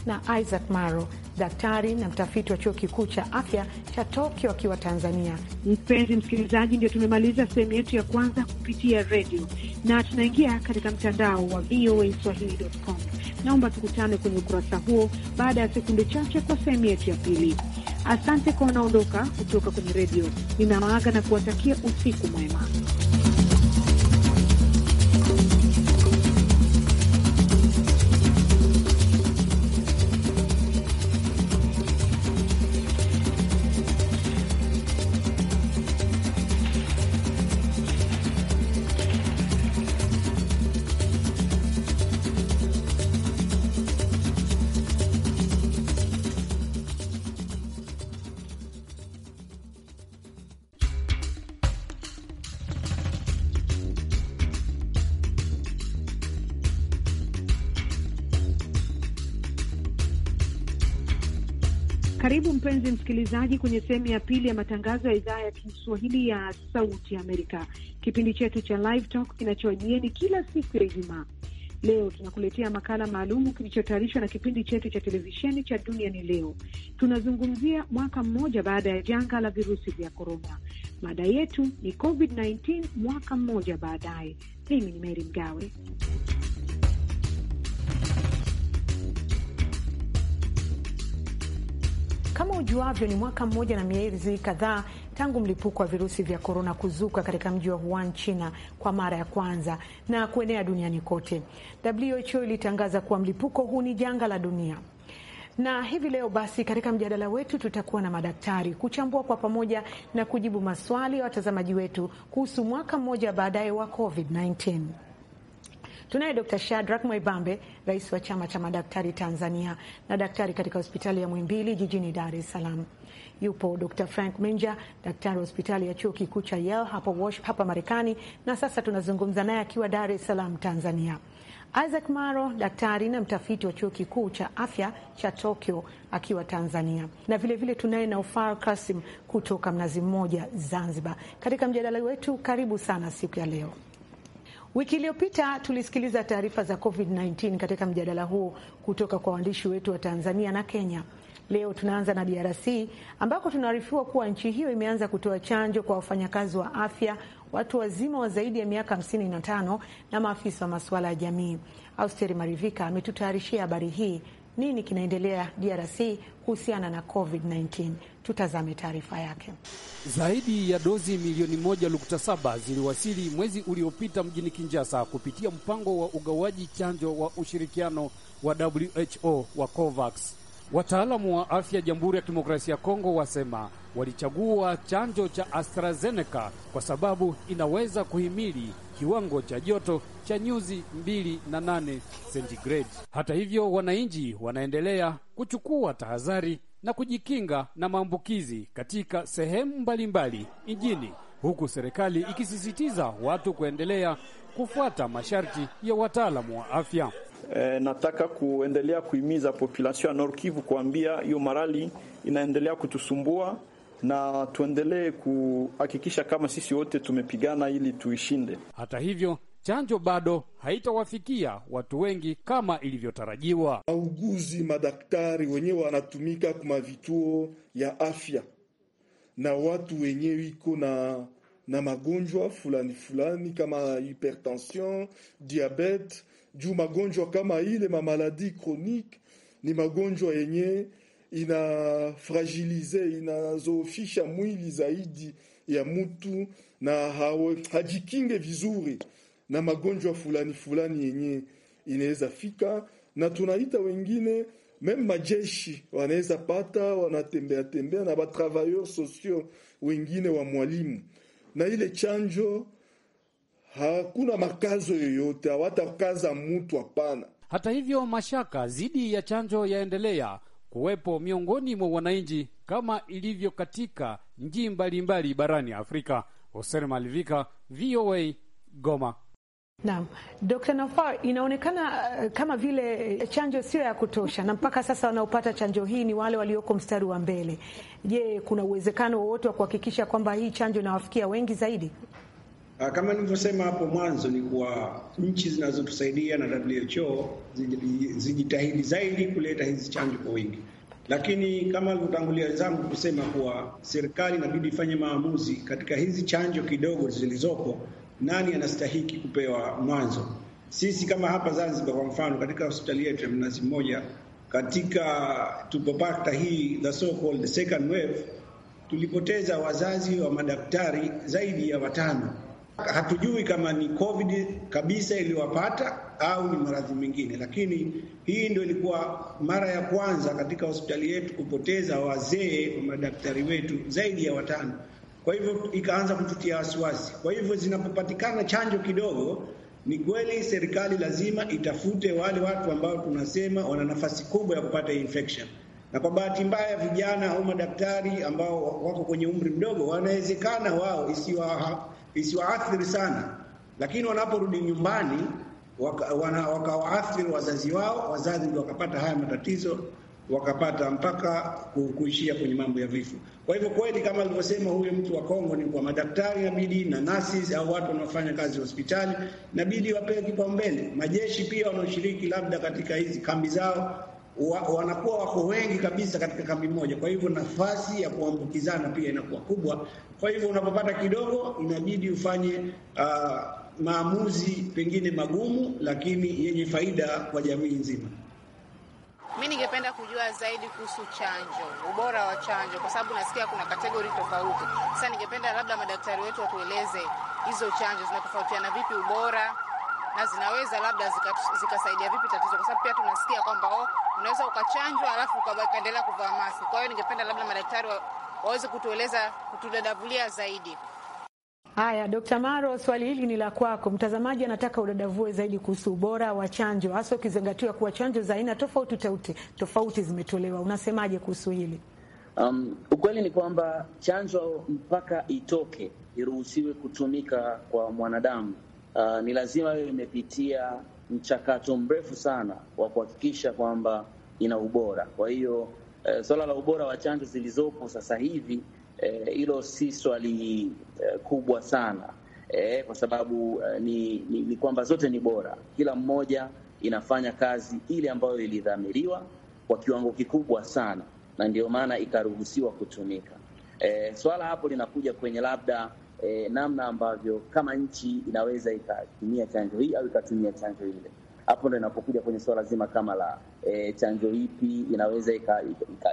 na Isaac Maro, daktari na mtafiti wa chuo kikuu cha afya cha Tokyo akiwa Tanzania. Mpenzi msikilizaji, ndio tumemaliza sehemu yetu ya kwanza kupitia redio na tunaingia katika mtandao wa VOA Swahili.com. Naomba tukutane kwenye ukurasa huo baada ya sekunde chache kwa sehemu yetu ya pili. Asante kwa wanaondoka kutoka kwenye redio. Ninawaaga na kuwatakia usiku mwema. Karibu mpenzi msikilizaji, kwenye sehemu ya pili ya matangazo ya idhaa ya Kiswahili ya Sauti ya Amerika, kipindi chetu cha Live Talk kinachoajieni kila siku ya Ijumaa. Leo tunakuletea makala maalumu kilichotayarishwa na kipindi chetu cha televisheni cha dunia ni Leo. Tunazungumzia mwaka mmoja baada ya janga la virusi vya korona. Mada yetu ni COVID-19 mwaka mmoja baadaye. Mimi ni mery Mgawe. Kama ujuavyo, ni mwaka mmoja na miezi kadhaa tangu mlipuko wa virusi vya korona kuzuka katika mji wa Wuhan, China, kwa mara ya kwanza na kuenea duniani kote. WHO ilitangaza kuwa mlipuko huu ni janga la dunia na hivi leo basi, katika mjadala wetu tutakuwa na madaktari kuchambua kwa pamoja na kujibu maswali ya watazamaji wetu kuhusu mwaka mmoja baadaye wa COVID-19. Tunaye Dr. Shadrack Mwaibambe, rais wa chama cha madaktari Tanzania na daktari katika hospitali ya Mwimbili jijini Dar es Salaam. Yupo Dr. Frank Minja, daktari wa hospitali ya Chuo Kikuu cha Yale hapa hapa Marekani, na sasa tunazungumza naye akiwa Dar es Salaam Tanzania. Isaac Maro, daktari na mtafiti wa chuo kikuu cha afya cha Tokyo akiwa Tanzania, na vilevile tunaye Naufal Kasim kutoka Mnazi Mmoja, Zanzibar, katika mjadala wetu. Karibu sana siku ya leo. Wiki iliyopita tulisikiliza taarifa za COVID-19 katika mjadala huo kutoka kwa waandishi wetu wa Tanzania na Kenya. Leo tunaanza na DRC ambako tunaarifiwa kuwa nchi hiyo imeanza kutoa chanjo kwa wafanyakazi wa afya, watu wazima wa zaidi ya miaka 55 na maafisa wa masuala ya jamii. Austeri Marivika ametutayarishia habari hii nini kinaendelea DRC kuhusiana na COVID-19. Tutazame taarifa yake. Zaidi ya dozi milioni moja nukta saba ziliwasili mwezi uliopita mjini Kinshasa kupitia mpango wa ugawaji chanjo wa ushirikiano wa WHO wa COVAX. Wataalamu wa afya Jamhuri ya Kidemokrasia ya Kongo wasema walichagua chanjo cha AstraZeneca kwa sababu inaweza kuhimili kiwango cha joto cha nyuzi mbili na nane sentigredi. Hata hivyo, wananchi wanaendelea kuchukua tahadhari na kujikinga na maambukizi katika sehemu mbalimbali mjini, huku serikali ikisisitiza watu kuendelea kufuata masharti ya wataalamu wa afya. E, nataka kuendelea kuhimiza population ya Nord Kivu kuambia hiyo marali inaendelea kutusumbua na tuendelee kuhakikisha kama sisi wote tumepigana ili tuishinde. Hata hivyo chanjo bado haitawafikia watu wengi kama ilivyotarajiwa. Wauguzi, madaktari wenyewe wanatumika kwa vituo ya afya na watu wenyewe iko na na magonjwa fulani fulani kama hypertension, diabete, juu magonjwa kama ile mamaladi chronique ni magonjwa yenye inafragilize inazoofisha mwili zaidi ya mtu na hawe, hajikinge vizuri na magonjwa fulani fulani yenye inaweza fika, na tunaita wengine meme majeshi wanaweza pata, wanatembea tembea na batravailleur sociaux wengine wa mwalimu na ile chanjo hakuna makazo yoyote, hawatakaza mtu hapana. Hata hivyo mashaka dhidi ya chanjo yaendelea, kuwepo miongoni mwa wananchi kama ilivyo katika nchi mbalimbali barani Afrika. Hoser Malivika, VOA, Goma. Naam, Dr. Nafar, inaonekana uh, kama vile eh, chanjo sio ya kutosha na mpaka sasa wanaopata chanjo hii ni wale walioko mstari wa mbele. Je, kuna uwezekano wowote wa kuhakikisha kwamba hii chanjo inawafikia wengi zaidi? Ah, kama nilivyosema hapo mwanzo ni kuwa nchi zinazotusaidia na WHO zijitahidi zaidi kuleta hizi chanjo kwa wingi, lakini kama alivyotangulia wenzangu kusema kuwa serikali inabidi ifanye maamuzi katika hizi chanjo kidogo zilizopo, nani anastahiki kupewa mwanzo. Sisi kama hapa Zanzibar kwa mfano, katika hospitali yetu ya Mnazi Mmoja, katika tupopata hii the so called second wave tulipoteza wazazi wa madaktari zaidi ya watano Hatujui kama ni COVID kabisa iliyowapata au ni maradhi mengine, lakini hii ndio ilikuwa mara ya kwanza katika hospitali yetu kupoteza wazee wa madaktari wetu zaidi ya watano. Kwa hivyo ikaanza kututia wasiwasi. Kwa hivyo zinapopatikana chanjo kidogo, ni kweli serikali lazima itafute wale watu ambao tunasema wana nafasi kubwa ya kupata infection na kwa bahati mbaya vijana au madaktari ambao wako kwenye umri mdogo, wanawezekana wao isiwa isiwaathiri sana, lakini wanaporudi nyumbani wakawaathiri waka wazazi wao, wazazi ndio wakapata haya matatizo, wakapata mpaka kuishia kwenye mambo ya vifo. Kwa hivyo kweli, kama alivyosema huyo mtu wa Kongo, ni kwa madaktari inabidi na nurses au watu wanaofanya kazi hospitali inabidi wapewe kipaumbele. Majeshi pia wanaoshiriki labda katika hizi kambi zao wa, wanakuwa wako wengi kabisa katika kambi moja, kwa hivyo nafasi ya kuambukizana pia inakuwa kubwa. Kwa hivyo unapopata kidogo, inabidi ufanye uh, maamuzi pengine magumu, lakini yenye faida kwa jamii nzima. Mi ningependa kujua zaidi kuhusu chanjo, ubora wa chanjo, kwa sababu nasikia kuna kategori tofauti. Sasa ningependa labda madaktari wetu watueleze hizo chanjo zinatofautiana vipi ubora, na zinaweza labda zikasaidia zika vipi tatizo, kwa sababu pia tunasikia kwamba oh, unaweza ukachanjwa alafu ukaendelea kuvaa maski. Kwa hiyo ningependa labda madaktari waweze kutueleza kutudadavulia zaidi. Haya, Dr. Maro, swali hili ni la kwako. Mtazamaji anataka udadavue zaidi kuhusu ubora wa chanjo, hasa ukizingatiwa kuwa chanjo za aina tofauti tauti, tofauti zimetolewa. Unasemaje kuhusu hili? Um, ukweli ni kwamba chanjo mpaka itoke iruhusiwe kutumika kwa mwanadamu, uh, ni lazima hiyo imepitia mchakato mrefu sana wa kuhakikisha kwamba ina ubora. Kwa hiyo e, swala la ubora wa chanjo zilizopo sasa hivi eh, hilo e, si swali e, kubwa sana e, kwa sababu e, ni, ni, ni kwamba zote ni bora, kila mmoja inafanya kazi ile ambayo ilidhamiriwa kwa kiwango kikubwa sana, na ndio maana ikaruhusiwa kutumika. E, swala hapo linakuja kwenye labda e, namna ambavyo kama nchi inaweza ikatumia chanjo hii au ikatumia chanjo ile. Hapo ndo inapokuja kwenye suala zima kama la e, chanjo ipi inaweza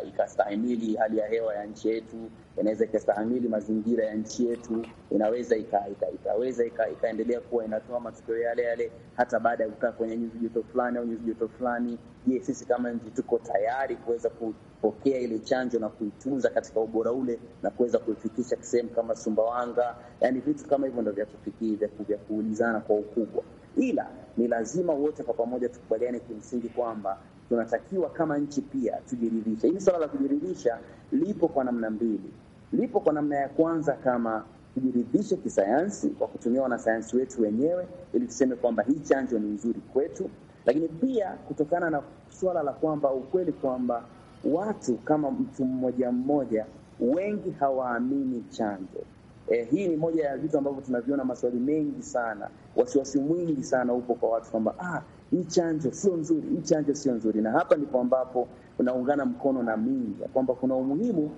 ikastahimili ika, ika hali ya hewa ya nchi yetu, inaweza ikastahimili mazingira ya nchi yetu, inaweza ika, ika, ikaweza ikaendelea ika kuwa inatoa matokeo yale yale hata baada ya kukaa kwenye nyuzi joto fulani au nyuzi joto fulani. Je, sisi kama nchi tuko tayari kuweza ku kupokea ile chanjo na kuitunza katika ubora ule na kuweza kuifikisha sehemu kama Sumbawanga. Yani vitu kama hivyo ndo vya kuulizana kwa ukubwa, ila ni lazima wote kwa pamoja tukubaliane kimsingi kwamba tunatakiwa kama nchi pia tujiridhishe. Hili swala la kujiridhisha lipo kwa namna mbili, lipo kwa namna ya kwanza kama tujiridhishe kisayansi kwa kutumia wanasayansi wetu wenyewe ili tuseme kwamba hii chanjo ni nzuri kwetu, lakini pia kutokana na suala la kwamba ukweli kwamba watu kama mtu mmoja mmoja, wengi hawaamini chanjo. Eh, hii ni moja ya vitu ambavyo tunaviona, maswali mengi sana, wasiwasi mwingi sana upo kwa watu kwamba ah, hii chanjo sio nzuri, hii chanjo sio nzuri. Na hapa ndipo ambapo unaungana mkono na mingi ya kwamba kuna umuhimu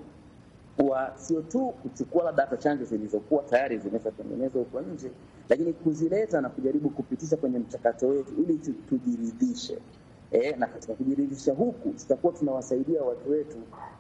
wa sio tu kuchukua labda hata chanjo zilizokuwa tayari zimeshatengenezwa huko nje, lakini kuzileta na kujaribu kupitisha kwenye mchakato wetu ili tujiridhishe E, na katika kujiridhisha huku tutakuwa tunawasaidia watu wetu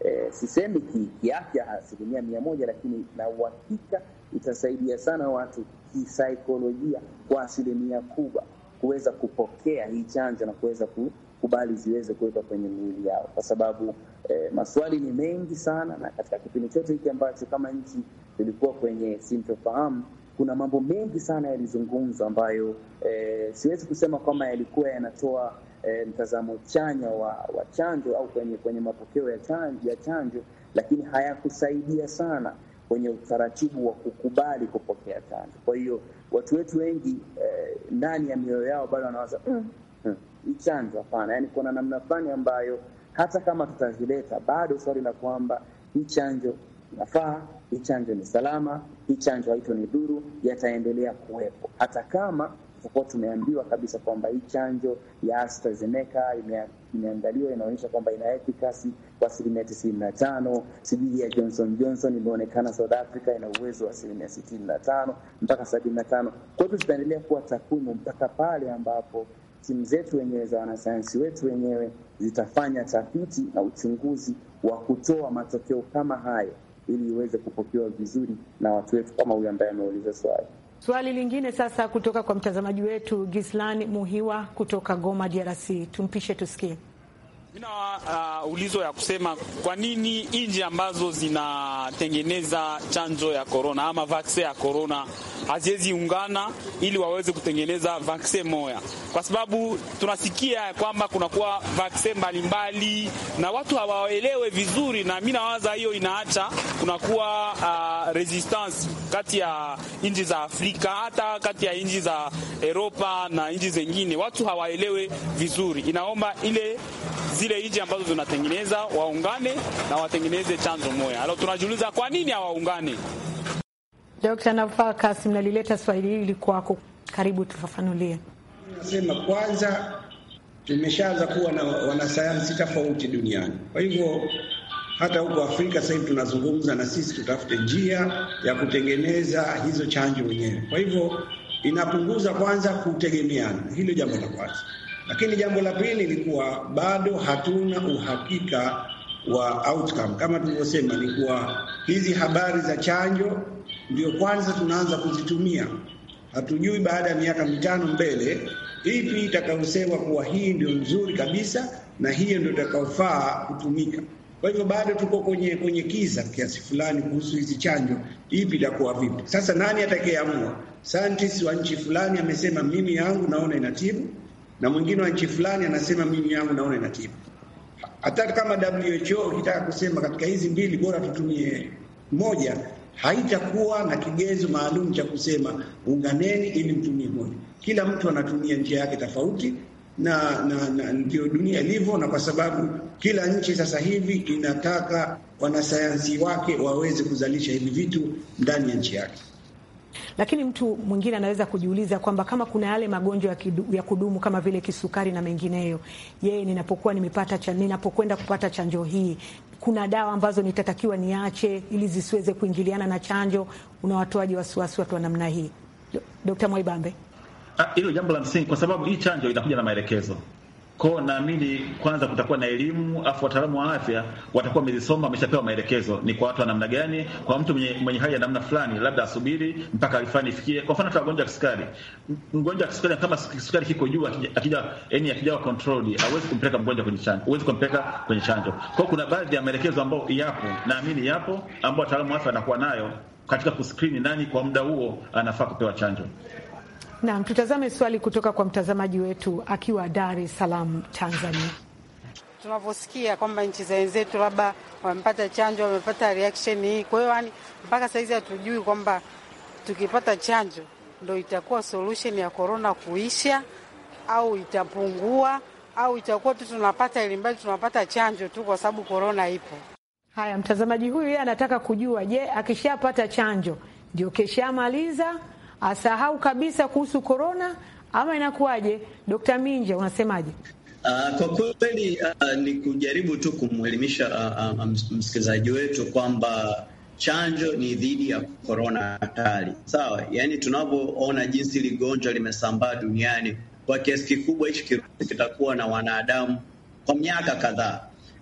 e, sisemi kiafya asilimia mia moja, lakini na uhakika itasaidia sana watu kisaikolojia kwa asilimia kubwa kuweza kupokea hii chanjo na kuweza kukubali ziweze kuwekwa kwenye miili yao, kwa sababu e, maswali ni mengi sana, na katika kipindi chote hiki ambacho kama nchi tulikuwa kwenye sintofahamu kuna mambo mengi sana yalizungumzwa ambayo e, siwezi kusema kwamba yalikuwa yanatoa e, mtazamo chanya wa, wa chanjo au kwenye, kwenye mapokeo ya chanjo, ya chanjo, lakini hayakusaidia sana kwenye utaratibu wa kukubali kupokea chanjo. Kwa hiyo watu wetu wengi e, ndani ya mioyo yao bado wanawaza mm, mm, chanjo hapana. Yaani kuna namna fulani ambayo hata kama tutazileta bado swali la kwamba hii chanjo inafaa, hii chanjo ni salama, hii chanjo haito ni dhuru, yataendelea kuwepo hata kama kwa tumeambiwa kabisa kwamba hii chanjo ya AstraZeneca imeandaliwa inaonyesha kwamba ina efficacy kwa asilimia tisini na tano. Sijui ya Johnson Johnson imeonekana South Africa ina uwezo wa asilimia sitini na tano mpaka sabini na tano. Kwa hivyo zitaendelea kuwa takwimu mpaka pale ambapo timu zetu wenyewe za wanasayansi wetu wenyewe zitafanya tafiti na uchunguzi wa kutoa matokeo kama hayo ili iweze kupokewa vizuri na watu wetu, kama huyu ambaye ameuliza swali. Swali lingine sasa kutoka kwa mtazamaji wetu gislan Muhiwa kutoka Goma, DRC. Tumpishe tusikie. Mina uh, ulizo ya kusema kwa nini nchi ambazo zinatengeneza chanjo ya korona ama vaksin ya korona haziwezi ungana ili waweze kutengeneza vaksin moya, kwa sababu tunasikia kwamba kunakuwa vaksin mbalimbali na watu hawaelewe vizuri, na mi nawaza hiyo inaacha kunakuwa uh, resistance kati ya nchi za Afrika hata kati ya nchi za Europa na nchi zengine, watu hawaelewe vizuri. Inaomba ile zile nchi ambazo zinatengeneza waungane na watengeneze chanzo moya. Alo, tunajiuliza kwa nini hawaungane? Dokta Nafaa Kasim, nalileta swali hili kwako, karibu tufafanulie. Nasema kwanza, tumeshaanza kuwa na wanasayansi tofauti duniani, kwa hivyo hata huko Afrika sasa hivi tunazungumza na sisi, tutafute njia ya kutengeneza hizo chanjo wenyewe. Kwa hivyo inapunguza kwanza kutegemeana, hilo jambo la kwanza. Lakini jambo la pili kuwa bado hatuna uhakika wa outcome, kama tulivyosema, ni kuwa hizi habari za chanjo ndio kwanza tunaanza kuzitumia. Hatujui baada ya miaka mitano mbele, ipi itakayosema kuwa hii ndio nzuri kabisa na hiyo ndio itakayofaa kutumika. Kwa hivyo bado tuko kwenye kwenye kiza kiasi fulani kuhusu hizi chanjo, ipi itakuwa vipi. Sasa nani atakayeamua? Scientist wa nchi fulani amesema mimi yangu naona inatibu, na mwingine wa nchi fulani anasema mimi yangu naona inatibu. Hata kama WHO ukitaka kusema katika hizi mbili bora tutumie moja, haitakuwa na kigezo maalum cha kusema unganeni ili mtumie moja. Kila mtu anatumia njia yake tofauti, na na, na ndio dunia ilivyo, na kwa sababu kila nchi sasa hivi inataka wanasayansi wake waweze kuzalisha hivi vitu ndani ya nchi yake. Lakini mtu mwingine anaweza kujiuliza kwamba kama kuna yale magonjwa ya kudumu kama vile kisukari na mengineyo, yeye ninapokuwa nimepata cha ninapokwenda kupata chanjo hii, kuna dawa ambazo nitatakiwa niache ili zisiweze kuingiliana na chanjo? Unawatoaje wasiwasi watu wa namna hii, Dkt. Mwaibambe? Ah, hilo jambo la msingi, kwa sababu hii chanjo inakuja na maelekezo. Kwao naamini kwanza kutakuwa na elimu, afu wataalamu wa afya watakuwa wamezisoma, wameshapewa maelekezo ni kwa watu wa namna gani. Kwa mtu mwenye, mwenye hali ya namna fulani, labda asubiri mpaka alifani ifikie. Kwa mfano, hata wagonjwa wa kisukari, mgonjwa wa kisukari kama kisukari kiko juu, akija yani akijawa controlled, hawezi kumpeleka mgonjwa kwenye chanjo, huwezi kumpeleka kwenye chanjo. Kwao kuna baadhi ya maelekezo ambayo yapo, naamini yapo, ambao wataalamu wa afya wanakuwa nayo katika kuskrini nani kwa muda huo anafaa kupewa chanjo. Naam, tutazame swali kutoka kwa mtazamaji wetu akiwa Dar es Salaam, Tanzania. Tunavyosikia kwamba nchi za wenzetu labda wamepata chanjo, wamepata reaction hii, kwa hiyo yani mpaka sahizi hatujui kwamba tukipata chanjo ndo itakuwa solution ya korona kuisha au itapungua au itakuwa tu tunapata mbali tunapata chanjo tu kwa sababu korona ipo. Haya, mtazamaji huyu yeye anataka kujua, je, akishapata chanjo ndio keshamaliza asahau kabisa kuhusu korona ama inakuwaje? d Minja, unasemaje? Uh, kwa kweli uh, ni kujaribu tu kumwelimisha uh, uh, msikilizaji wetu kwamba chanjo ni dhidi ya korona hatari, sawa? Yaani tunavyoona jinsi ligonjwa limesambaa duniani kwa kiasi kikubwa, hichi kirusi kitakuwa na wanadamu kwa miaka kadhaa.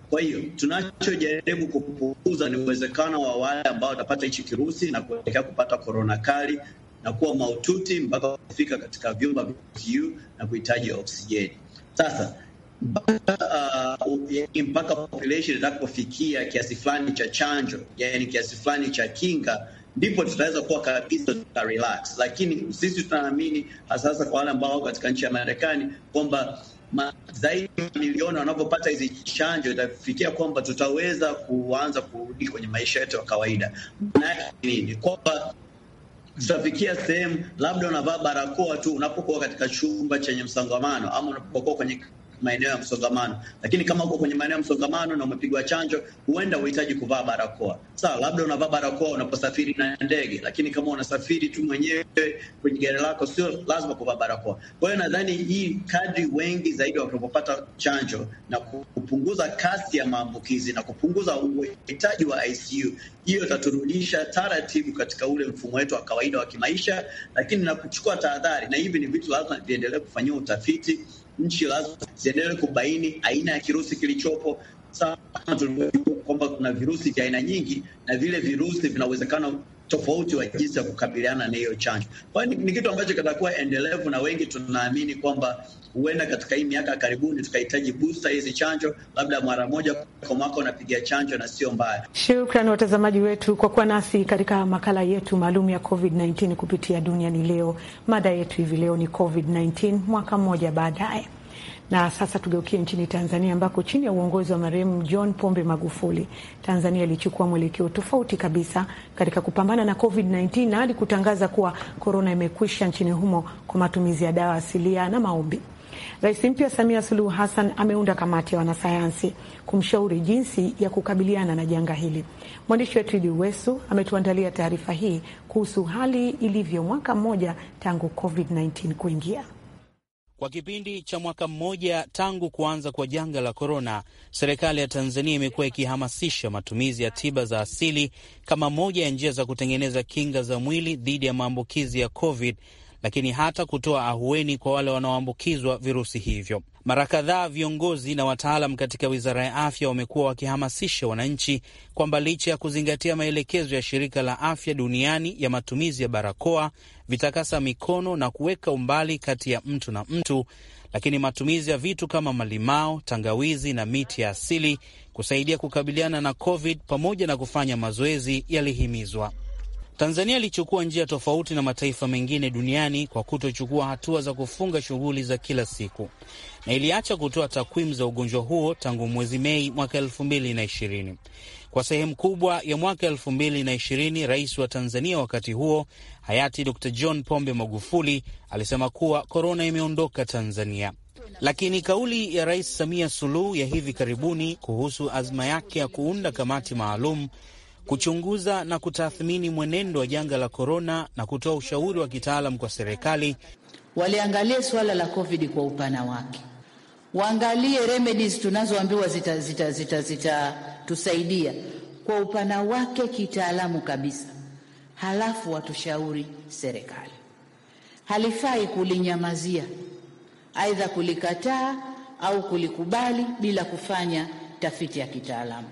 Kwa hiyo tunachojaribu kupunguza ni uwezekano wa wale ambao watapata hichi kirusi na kuelekea kupata korona kali na kuwa maututi mpaka kufika katika vyumba vya ICU na kuhitaji oksijeni. Sasa mpaka uh, mpaka population inapofikia kiasi fulani cha chanjo, yani kiasi fulani cha kinga, ndipo tutaweza kuwa kabisa tuta relax. Lakini sisi tunaamini hasahasa kwa wale ambao wako katika nchi ya Marekani kwamba ma, zaidi ya milioni wanavyopata hizi chanjo itafikia kwamba tutaweza kuanza kurudi kwenye maisha yetu ya kawaida. Maana yake nini? kwamba tutafikia sehemu labda unavaa barakoa tu unapokuwa katika chumba chenye msangamano ama unapokuwa kwenye maeneo ya msongamano, lakini kama uko kwenye maeneo ya msongamano na umepigwa chanjo, huenda uhitaji kuvaa barakoa. Sawa, labda unavaa barakoa unaposafiri na ndege, lakini kama unasafiri tu mwenyewe kwenye gari lako, sio lazima kuvaa barakoa. Kwa hiyo nadhani hii, kadri wengi zaidi watakapopata chanjo na kupunguza kasi ya maambukizi na kupunguza uhitaji wa ICU, hiyo itaturudisha taratibu katika ule mfumo wetu wa kawaida wa kimaisha, lakini na kuchukua tahadhari, na hivi ni vitu lazima viendelee kufanyiwa utafiti nchi lazima ziendelee kubaini aina ya kirusi kilichopo kwamba kuna virusi vya aina nyingi na vile virusi vina uwezekano tofauti wa jinsi ya kukabiliana na hiyo chanjo. Kwa hiyo ni kitu ambacho kitakuwa endelevu, na wengi tunaamini kwamba huenda katika hii miaka karibuni tukahitaji booster hizi chanjo, labda mara moja kwa mwaka unapiga chanjo na sio mbaya. Shukran watazamaji wetu kwa kuwa nasi katika makala yetu maalum ya COVID-19 kupitia Duniani Leo. Mada yetu hivi leo ni COVID-19 mwaka mmoja baadaye. Na sasa tugeukie nchini Tanzania ambako chini ya uongozi wa marehemu John Pombe Magufuli, Tanzania ilichukua mwelekeo tofauti kabisa katika kupambana na COVID-19 na hadi kutangaza kuwa korona imekwisha nchini humo kwa matumizi ya dawa asilia na maombi. Rais mpya Samia Suluhu Hassan ameunda kamati ya wanasayansi kumshauri jinsi ya kukabiliana na janga hili. Mwandishi wetu Idi Wesu ametuandalia taarifa hii kuhusu hali ilivyo mwaka mmoja tangu COVID-19 kuingia. Kwa kipindi cha mwaka mmoja tangu kuanza kwa janga la korona, serikali ya Tanzania imekuwa ikihamasisha matumizi ya tiba za asili kama moja ya njia za kutengeneza kinga za mwili dhidi ya maambukizi ya COVID lakini hata kutoa ahueni kwa wale wanaoambukizwa virusi hivyo. Mara kadhaa viongozi na wataalam katika wizara ya afya wamekuwa wakihamasisha wananchi kwamba licha ya kuzingatia maelekezo ya shirika la afya duniani ya matumizi ya barakoa, vitakasa mikono na kuweka umbali kati ya mtu na mtu, lakini matumizi ya vitu kama malimao, tangawizi na miti ya asili kusaidia kukabiliana na COVID pamoja na kufanya mazoezi yalihimizwa. Tanzania ilichukua njia tofauti na mataifa mengine duniani kwa kutochukua hatua za kufunga shughuli za kila siku na iliacha kutoa takwimu za ugonjwa huo tangu mwezi Mei mwaka elfu mbili na ishirini. Kwa sehemu kubwa ya mwaka elfu mbili na ishirini, rais wa Tanzania wakati huo hayati Dr John Pombe Magufuli alisema kuwa korona imeondoka Tanzania. Lakini kauli ya Rais Samia Suluhu ya hivi karibuni kuhusu azma yake ya kuunda kamati maalum kuchunguza na kutathmini mwenendo wa janga la korona na kutoa ushauri wa kitaalam kwa serikali. Waliangalie suala la COVID kwa upana wake, waangalie remedies tunazoambiwa zitatusaidia zita, zita, kwa upana wake kitaalamu kabisa, halafu watushauri serikali. Halifai kulinyamazia aidha kulikataa au kulikubali bila kufanya tafiti ya kitaalamu.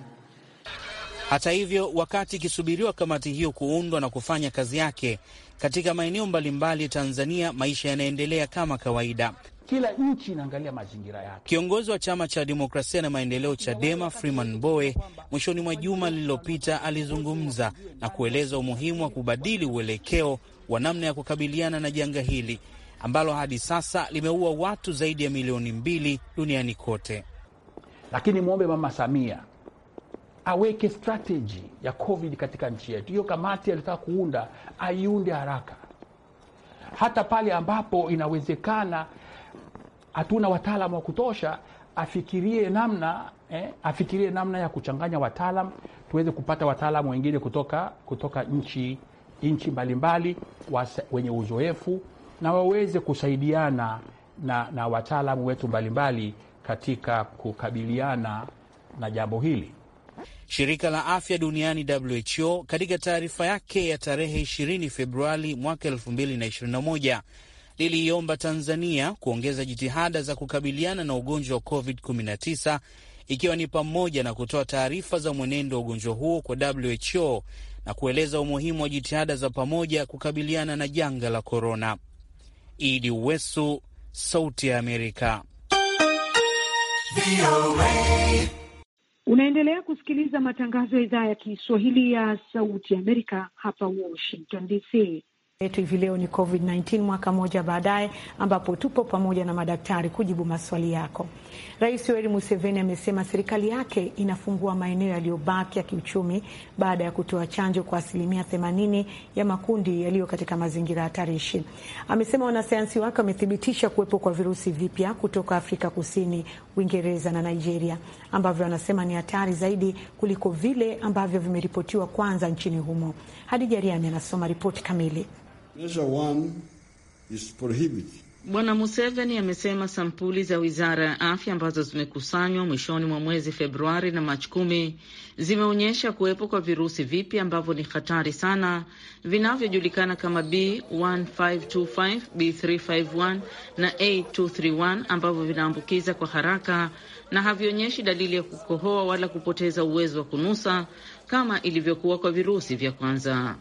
Hata hivyo, wakati ikisubiriwa kamati hiyo kuundwa na kufanya kazi yake katika maeneo mbalimbali Tanzania, maisha yanaendelea kama kawaida. Kila nchi inaangalia mazingira yake. Kiongozi wa chama cha demokrasia na maendeleo CHADEMA Freeman Mbowe mwishoni mwa juma lililopita alizungumza na kueleza umuhimu wa kubadili uelekeo wa namna ya kukabiliana na janga hili ambalo hadi sasa limeua watu zaidi ya milioni mbili duniani kote. Lakini mwombe Mama Samia aweke strateji ya COVID katika nchi yetu. Hiyo kamati alitaka kuunda aiunde haraka, hata pale ambapo inawezekana hatuna wataalamu wa kutosha, afikirie namna eh, afikirie namna ya kuchanganya wataalam tuweze kupata wataalamu wengine kutoka, kutoka nchi nchi mbalimbali wenye uzoefu na waweze kusaidiana na, na wataalamu wetu mbalimbali katika kukabiliana na jambo hili. Shirika la afya duniani WHO katika taarifa yake ya tarehe 20 Februari mwaka 2021 liliiomba Tanzania kuongeza jitihada za kukabiliana na ugonjwa wa COVID-19 ikiwa ni pamoja na kutoa taarifa za mwenendo wa ugonjwa huo kwa WHO na kueleza umuhimu wa jitihada za pamoja kukabiliana na janga la korona. Idi Uwesu, Sauti ya Amerika. Unaendelea kusikiliza matangazo ya idhaa ya Kiswahili ya Sauti ya Amerika hapa Washington DC yetu hivi leo ni COVID-19, mwaka mmoja baadaye, ambapo tupo pamoja na madaktari kujibu maswali yako. Rais Yoweri Museveni amesema serikali yake inafungua maeneo yaliyobaki ya kiuchumi baada ya kutoa chanjo kwa asilimia 80 ya makundi yaliyo katika mazingira hatarishi. Amesema wanasayansi wake wamethibitisha kuwepo kwa virusi vipya kutoka Afrika Kusini, Uingereza na Nigeria ambavyo anasema ni hatari zaidi kuliko vile ambavyo vimeripotiwa kwanza nchini humo. Hadija Riami anasoma ripoti kamili. Bwana Museveni amesema sampuli za wizara ya afya ambazo zimekusanywa mwishoni mwa mwezi Februari na Machi kumi zimeonyesha kuwepo kwa virusi vipya ambavyo ni hatari sana vinavyojulikana kama B1525, B351 na A231 ambavyo vinaambukiza kwa haraka na havionyeshi dalili ya kukohoa wala kupoteza uwezo wa kunusa kama ilivyokuwa kwa virusi vya kwanza.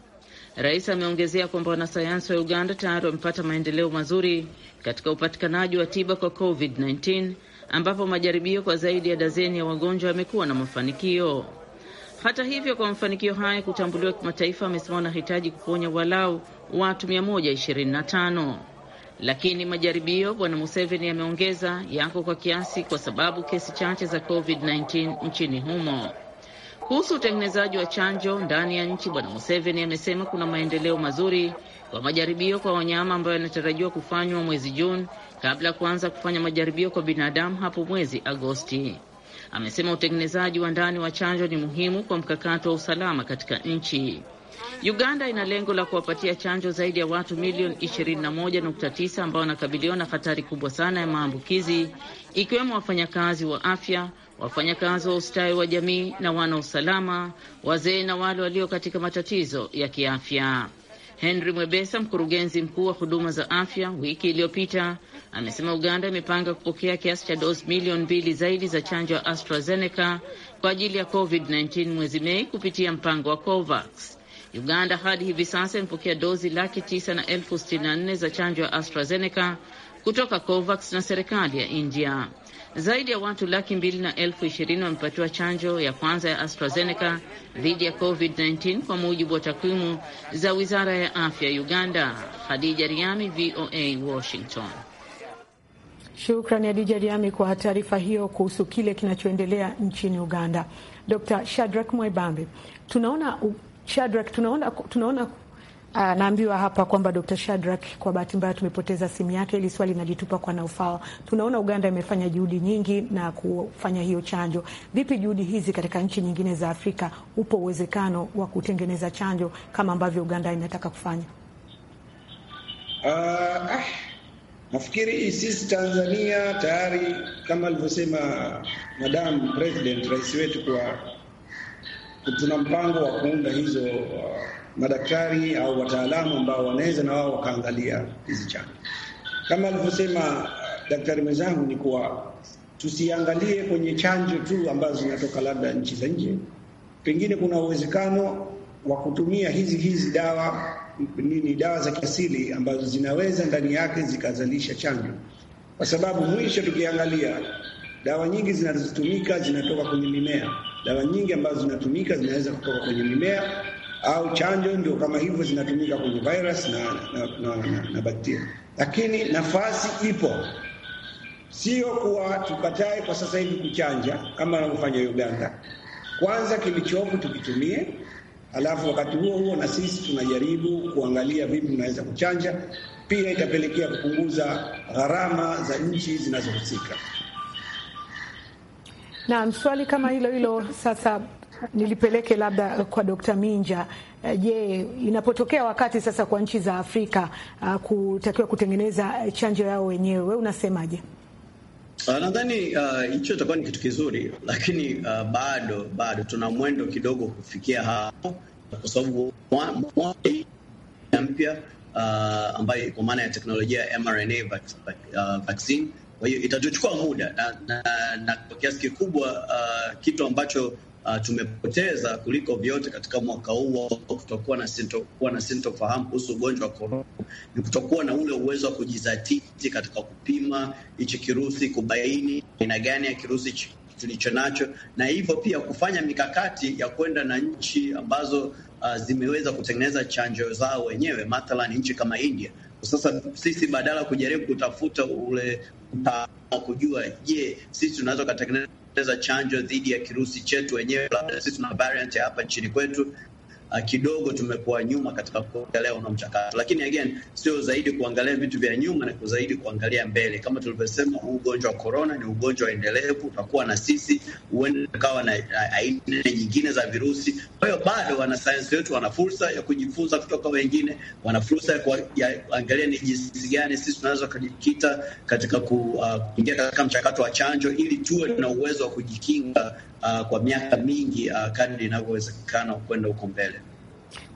Rais ameongezea kwamba wanasayansi wa Uganda tayari wamepata maendeleo mazuri katika upatikanaji wa tiba kwa COVID-19 ambapo majaribio kwa zaidi ya dazeni ya wagonjwa yamekuwa na mafanikio. Hata hivyo, kwa mafanikio haya kutambuliwa kimataifa, amesema wanahitaji kuponya walau watu 125 lakini majaribio, Bwana Museveni ameongeza, yako kwa kiasi, kwa sababu kesi chache za COVID-19 nchini humo kuhusu utengenezaji wa chanjo ndani ya nchi, Bwana Museveni amesema kuna maendeleo mazuri kwa majaribio kwa wanyama ambayo yanatarajiwa kufanywa mwezi Juni kabla ya kuanza kufanya majaribio kwa binadamu hapo mwezi Agosti. Amesema utengenezaji wa ndani wa chanjo ni muhimu kwa mkakato wa usalama katika nchi. Uganda ina lengo la kuwapatia chanjo zaidi ya watu milioni 21.9 ambao wanakabiliwa na hatari kubwa sana ya maambukizi ikiwemo wafanyakazi wa afya, wafanyakazi wa ustawi wa jamii na wana usalama, wazee na wale walio katika matatizo ya kiafya. Henry Mwebesa, mkurugenzi mkuu wa huduma za afya, wiki iliyopita amesema Uganda imepanga kupokea kiasi cha dozi milioni mbili zaidi za chanjo ya AstraZeneca kwa ajili ya COVID-19 mwezi Mei kupitia mpango wa COVAX. Uganda hadi hivi sasa imepokea dozi laki tisa na elfu sitini na nne za chanjo ya AstraZeneca kutoka COVAX na serikali ya India. Zaidi ya watu laki mbili na elfu ishirini wamepatiwa chanjo ya kwanza ya AstraZeneca dhidi ya COVID-19 kwa mujibu wa takwimu za wizara ya afya Uganda. Hadija Riami, VOA, Washington. Shukrani Hadija Riami kwa taarifa hiyo kuhusu kile kinachoendelea nchini Uganda. Dr Shadrack Mwaibambe, tunaona Shadrack, tunaona, tunaona Ah, naambiwa hapa kwamba Dr. Shadrack kwa bahati mbaya tumepoteza simu yake, ili swali nalitupa kwa naufawa. Tunaona Uganda imefanya juhudi nyingi na kufanya hiyo chanjo. Vipi juhudi hizi katika nchi nyingine za Afrika, upo uwezekano wa kutengeneza chanjo kama ambavyo Uganda inataka kufanya? Uh, ah, nafikiri sisi Tanzania tayari kama alivyosema Madam President, rais wetu, kwa tuna mpango wa kuunda hizo uh, madaktari au wataalamu ambao wanaweza na wao wakaangalia hizi chanjo. Kama alivyosema uh, daktari mwenzangu, ni kuwa tusiangalie kwenye chanjo tu ambazo zinatoka labda nchi za nje, pengine kuna uwezekano wa kutumia hizi hizi dawa nini, dawa za kiasili ambazo zinaweza ndani yake zikazalisha chanjo, kwa sababu mwisho tukiangalia dawa nyingi zinazotumika zinatoka kwenye mimea. Dawa nyingi ambazo zinatumika zinaweza kutoka kwenye mimea au chanjo ndio kama hivyo zinatumika kwenye virus na, na, na, na, na bakteria, lakini nafasi ipo, sio kuwa tukatae kwa sasa hivi kuchanja kama wanavyofanya Uganda. Kwanza kilichopo tukitumie, alafu wakati huo huo na sisi tunajaribu kuangalia vipi tunaweza kuchanja pia. Itapelekea kupunguza gharama za nchi zinazohusika. Naam, swali kama hilo hilo sasa nilipeleke labda kwa Dr. Minja. Eh, je, inapotokea wakati sasa kwa nchi za Afrika uh, kutakiwa kutengeneza eh, chanjo yao wenyewe, we unasemaje? Uh, nadhani ah, hicho uh, itakuwa ni kitu kizuri, lakini uh, bado bado tuna mwendo kidogo kufikia hapo, kwa sababu mpya uh, ambayo kwa maana ya teknolojia ya mRNA vac, uh, vaccine. Kwa hiyo itatuchukua muda na, na, na kwa kiasi kikubwa uh, kitu ambacho uh, tumepoteza kuliko vyote katika mwaka huu wa kutokuwa na sintokuwa na sintofahamu kuhusu ugonjwa wa korona ni kutokuwa na ule uwezo wa kujizatiti katika kupima hichi kirusi, kubaini aina gani ya kirusi tulicho nacho, na hivyo pia kufanya mikakati ya kwenda na nchi ambazo uh, zimeweza kutengeneza chanjo zao wenyewe, mathalan nchi kama India. Sasa sisi badala ya kujaribu kutafuta ule mtaalamu ah, wa kujua, je, sisi tunaweza kutengeneza kutengeneza chanjo dhidi ya kirusi chetu wenyewe, labda sisi tuna variant hapa nchini kwetu uh, kidogo tumekuwa nyuma katika kuangalia na mchakato, lakini again sio zaidi kuangalia vitu vya nyuma na kuzaidi kuangalia mbele. Kama tulivyosema, huu ugonjwa wa corona ni ugonjwa endelevu, utakuwa na sisi, huenda ukawa na aina nyingine za virusi. Kwa hiyo bado wanasayansi wetu wana fursa ya kujifunza kutoka wengine, wana fursa ya kuangalia ni jinsi gani sisi tunaweza kujikita katika ah, kuingia uh, katika mchakato wa chanjo ili tuwe na uwezo wa kujikinga uh, kwa miaka mingi uh, kadri inavyowezekana kwenda huko mbele.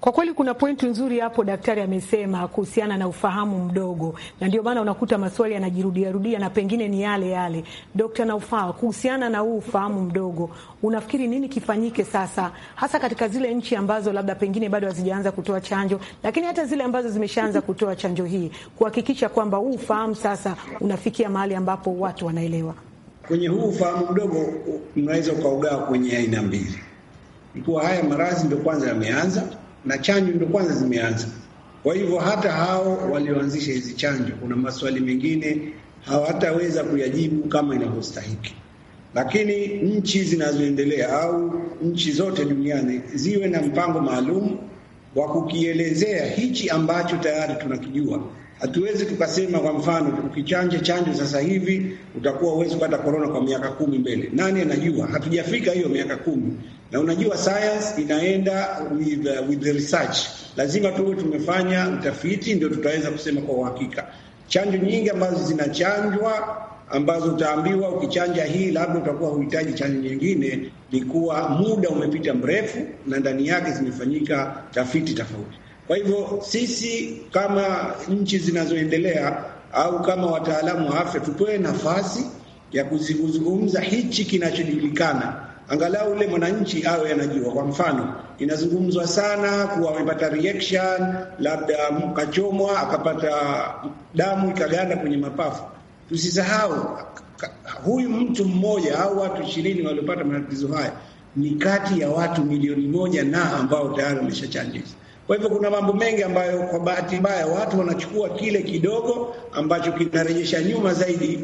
Kwa kweli kuna pointi nzuri hapo daktari amesema kuhusiana na ufahamu mdogo, na ndio maana unakuta maswali yanajirudiarudia na pengine ni yale yale. Dokta Naufaa, kuhusiana na huu ufahamu mdogo, unafikiri nini kifanyike sasa, hasa katika zile nchi ambazo labda pengine bado hazijaanza kutoa chanjo, lakini hata zile ambazo zimeshaanza kutoa chanjo hii, kuhakikisha kwamba huu ufahamu sasa unafikia mahali ambapo watu wanaelewa? Kwenye huu ufahamu mdogo unaweza ukaugawa kwenye aina mbili, ikiwa haya maradhi ndio kwanza yameanza na chanjo ndio kwanza zimeanza. Kwa hivyo hata hao walioanzisha hizi chanjo, kuna maswali mengine hawataweza kuyajibu kama inavyostahiki. Lakini nchi zinazoendelea au nchi zote duniani ziwe na mpango maalum wa kukielezea hichi ambacho tayari tunakijua Hatuwezi tukasema kwa mfano ukichanja chanjo sasa hivi utakuwa uwezi kupata korona kwa miaka kumi mbele. Nani anajua? Hatujafika hiyo miaka kumi, na unajua science inaenda with, uh, with the research. Lazima tuwe tumefanya utafiti ndio tutaweza kusema kwa uhakika. Chanjo nyingi ambazo zinachanjwa ambazo utaambiwa ukichanja hii labda utakuwa huhitaji chanjo nyingine, ni kuwa muda umepita mrefu na ndani yake zimefanyika tafiti tofauti. Kwa hivyo sisi kama nchi zinazoendelea au kama wataalamu wa afya tupewe nafasi ya kuzungumza hichi kinachojulikana, angalau ule mwananchi awe anajua. Kwa mfano, inazungumzwa sana kuwa amepata reaction, labda kachomwa akapata damu ikaganda kwenye mapafu. Tusisahau huyu mtu mmoja au watu ishirini waliopata matatizo haya ni kati ya watu milioni moja na ambao tayari wameshachanjwa. Kwa hivyo kuna mambo mengi ambayo kwa bahati mbaya watu wanachukua kile kidogo ambacho kinarejesha nyuma zaidi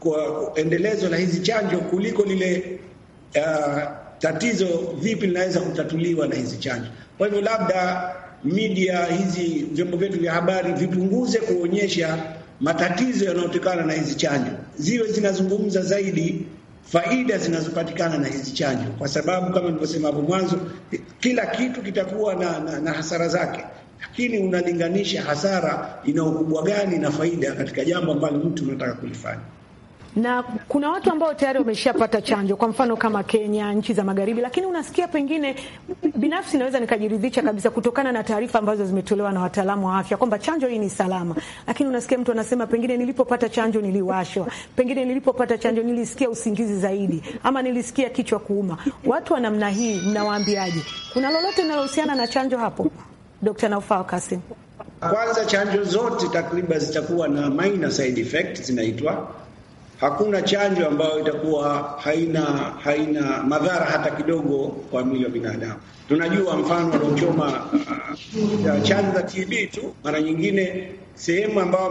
kwa endelezo la hizi chanjo kuliko lile uh, tatizo vipi linaweza kutatuliwa na hizi chanjo. Kwa hivyo labda media hizi vyombo vyetu vya habari vipunguze kuonyesha matatizo yanayotokana na hizi chanjo, ziwe zinazungumza zaidi faida zinazopatikana na hizi chanjo, kwa sababu kama nilivyosema hapo mwanzo, kila kitu kitakuwa na, na, na hasara zake, lakini unalinganisha hasara ina ukubwa gani na faida katika jambo ambalo mtu unataka kulifanya na kuna watu ambao tayari wameshapata chanjo, kwa mfano kama Kenya, nchi za magharibi, lakini unasikia pengine, binafsi naweza nikajiridhisha kabisa kutokana na taarifa ambazo zimetolewa na wataalamu wa afya kwamba chanjo hii ni salama, lakini unasikia mtu anasema pengine nilipopata chanjo niliwashwa, pengine nilipopata chanjo nilisikia usingizi zaidi, ama nilisikia kichwa kuuma. Watu wa namna hii mnawaambiaje? Kuna lolote linalohusiana na chanjo hapo, Dr. Naufal Kasim? Kwanza, chanjo zote takriban zitakuwa na minor side effect zinaitwa Hakuna chanjo ambayo itakuwa haina haina madhara hata kidogo kwa mwili wa binadamu. Tunajua mfano aliochoma uh, chanjo za TB tu, mara nyingine sehemu ambayo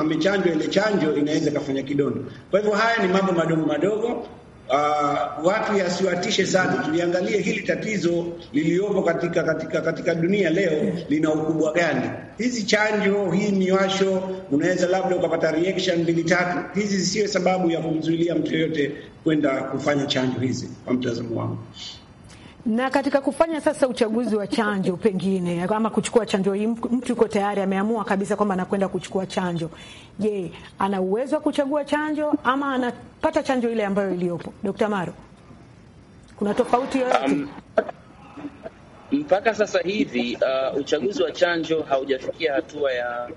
amechanjwa ile chanjo inaweza ikafanya kidondo. Kwa hivyo haya ni mambo madogo madogo uh, watu yasiwatishe sana. Tuliangalie hili tatizo liliyopo katika, katika, katika dunia leo lina ukubwa gani? Hizi chanjo, hii miwasho, unaweza labda ukapata reaction mbili tatu. Hizi zisiwe sababu ya kumzuilia mtu yoyote kwenda kufanya chanjo hizi, kwa mtazamo wangu. Na katika kufanya sasa uchaguzi wa chanjo pengine ama kuchukua chanjo hii, mtu yuko tayari ameamua kabisa kwamba anakwenda kuchukua chanjo. Je, ana uwezo wa kuchagua chanjo ama anapata chanjo ile ambayo iliyopo? Dkt. Maro, kuna tofauti yoyote? Um, mpaka sasa hivi uh, uchaguzi wa chanjo haujafikia hatua ya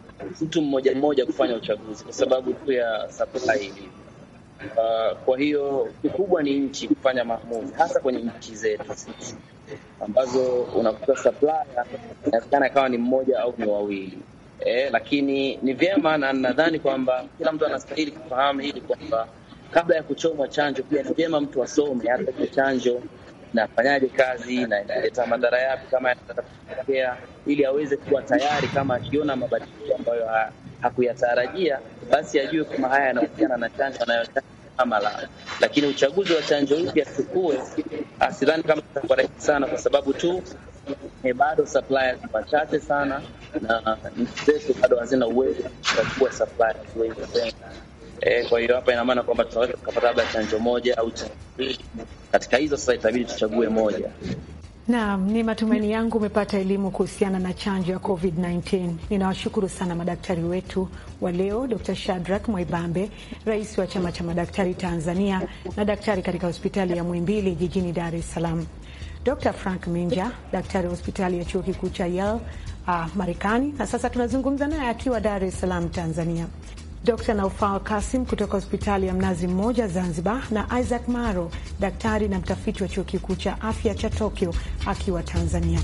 mtu mmoja mmoja kufanya uchaguzi kwa sababu tu ya supply Uh, kwa hiyo kikubwa ni nchi kufanya maamuzi, hasa kwenye nchi zetu sisi ambazo unakuta supplier inawezekana ikawa ni mmoja au ni wawili eh, lakini ni vyema na nadhani kwamba kila mtu anastahili kufahamu hili kwamba kabla ya kuchomwa chanjo pia ni vyema mtu asome hata ile chanjo nafanyaje kazi na inaleta madhara yapi kama kutokea, ili aweze kuwa tayari kama akiona mabadiliko ambayo hakuyatarajia, basi ajue kama haya yanahusiana na chanjo anayotaka kama la. Lakini uchaguzi wa chanjo mpya chukue, asidhani kama itakuwa rahisi sana, kwa sababu tu eh, bado suppliers wachache sana na nchi zetu bado hazina uwezo kuchagua suppliers wengi sana. E, kwa hiyo hapa ina maana kwamba tunaweza tukapata labda chanjo moja au chanjo mbili. Katika hizo sasa itabidi tuchague moja. Naam, ni matumaini yangu umepata elimu kuhusiana na chanjo ya COVID-19. Ninawashukuru sana madaktari wetu wa leo, Dr. Shadrack Mwaibambe, rais wa chama cha madaktari Tanzania na daktari katika hospitali ya Muhimbili jijini Dar es Salaam, Dr. Frank Minja, daktari wa hospitali ya chuo kikuu cha Yale, uh, Marekani, na sasa tunazungumza naye akiwa Dar es Salaam, Tanzania. Dkt Naufal Kasim kutoka hospitali ya Mnazi Mmoja Zanzibar na Isaac Maro, daktari na mtafiti wa chuo kikuu cha afya cha Tokyo akiwa Tanzania.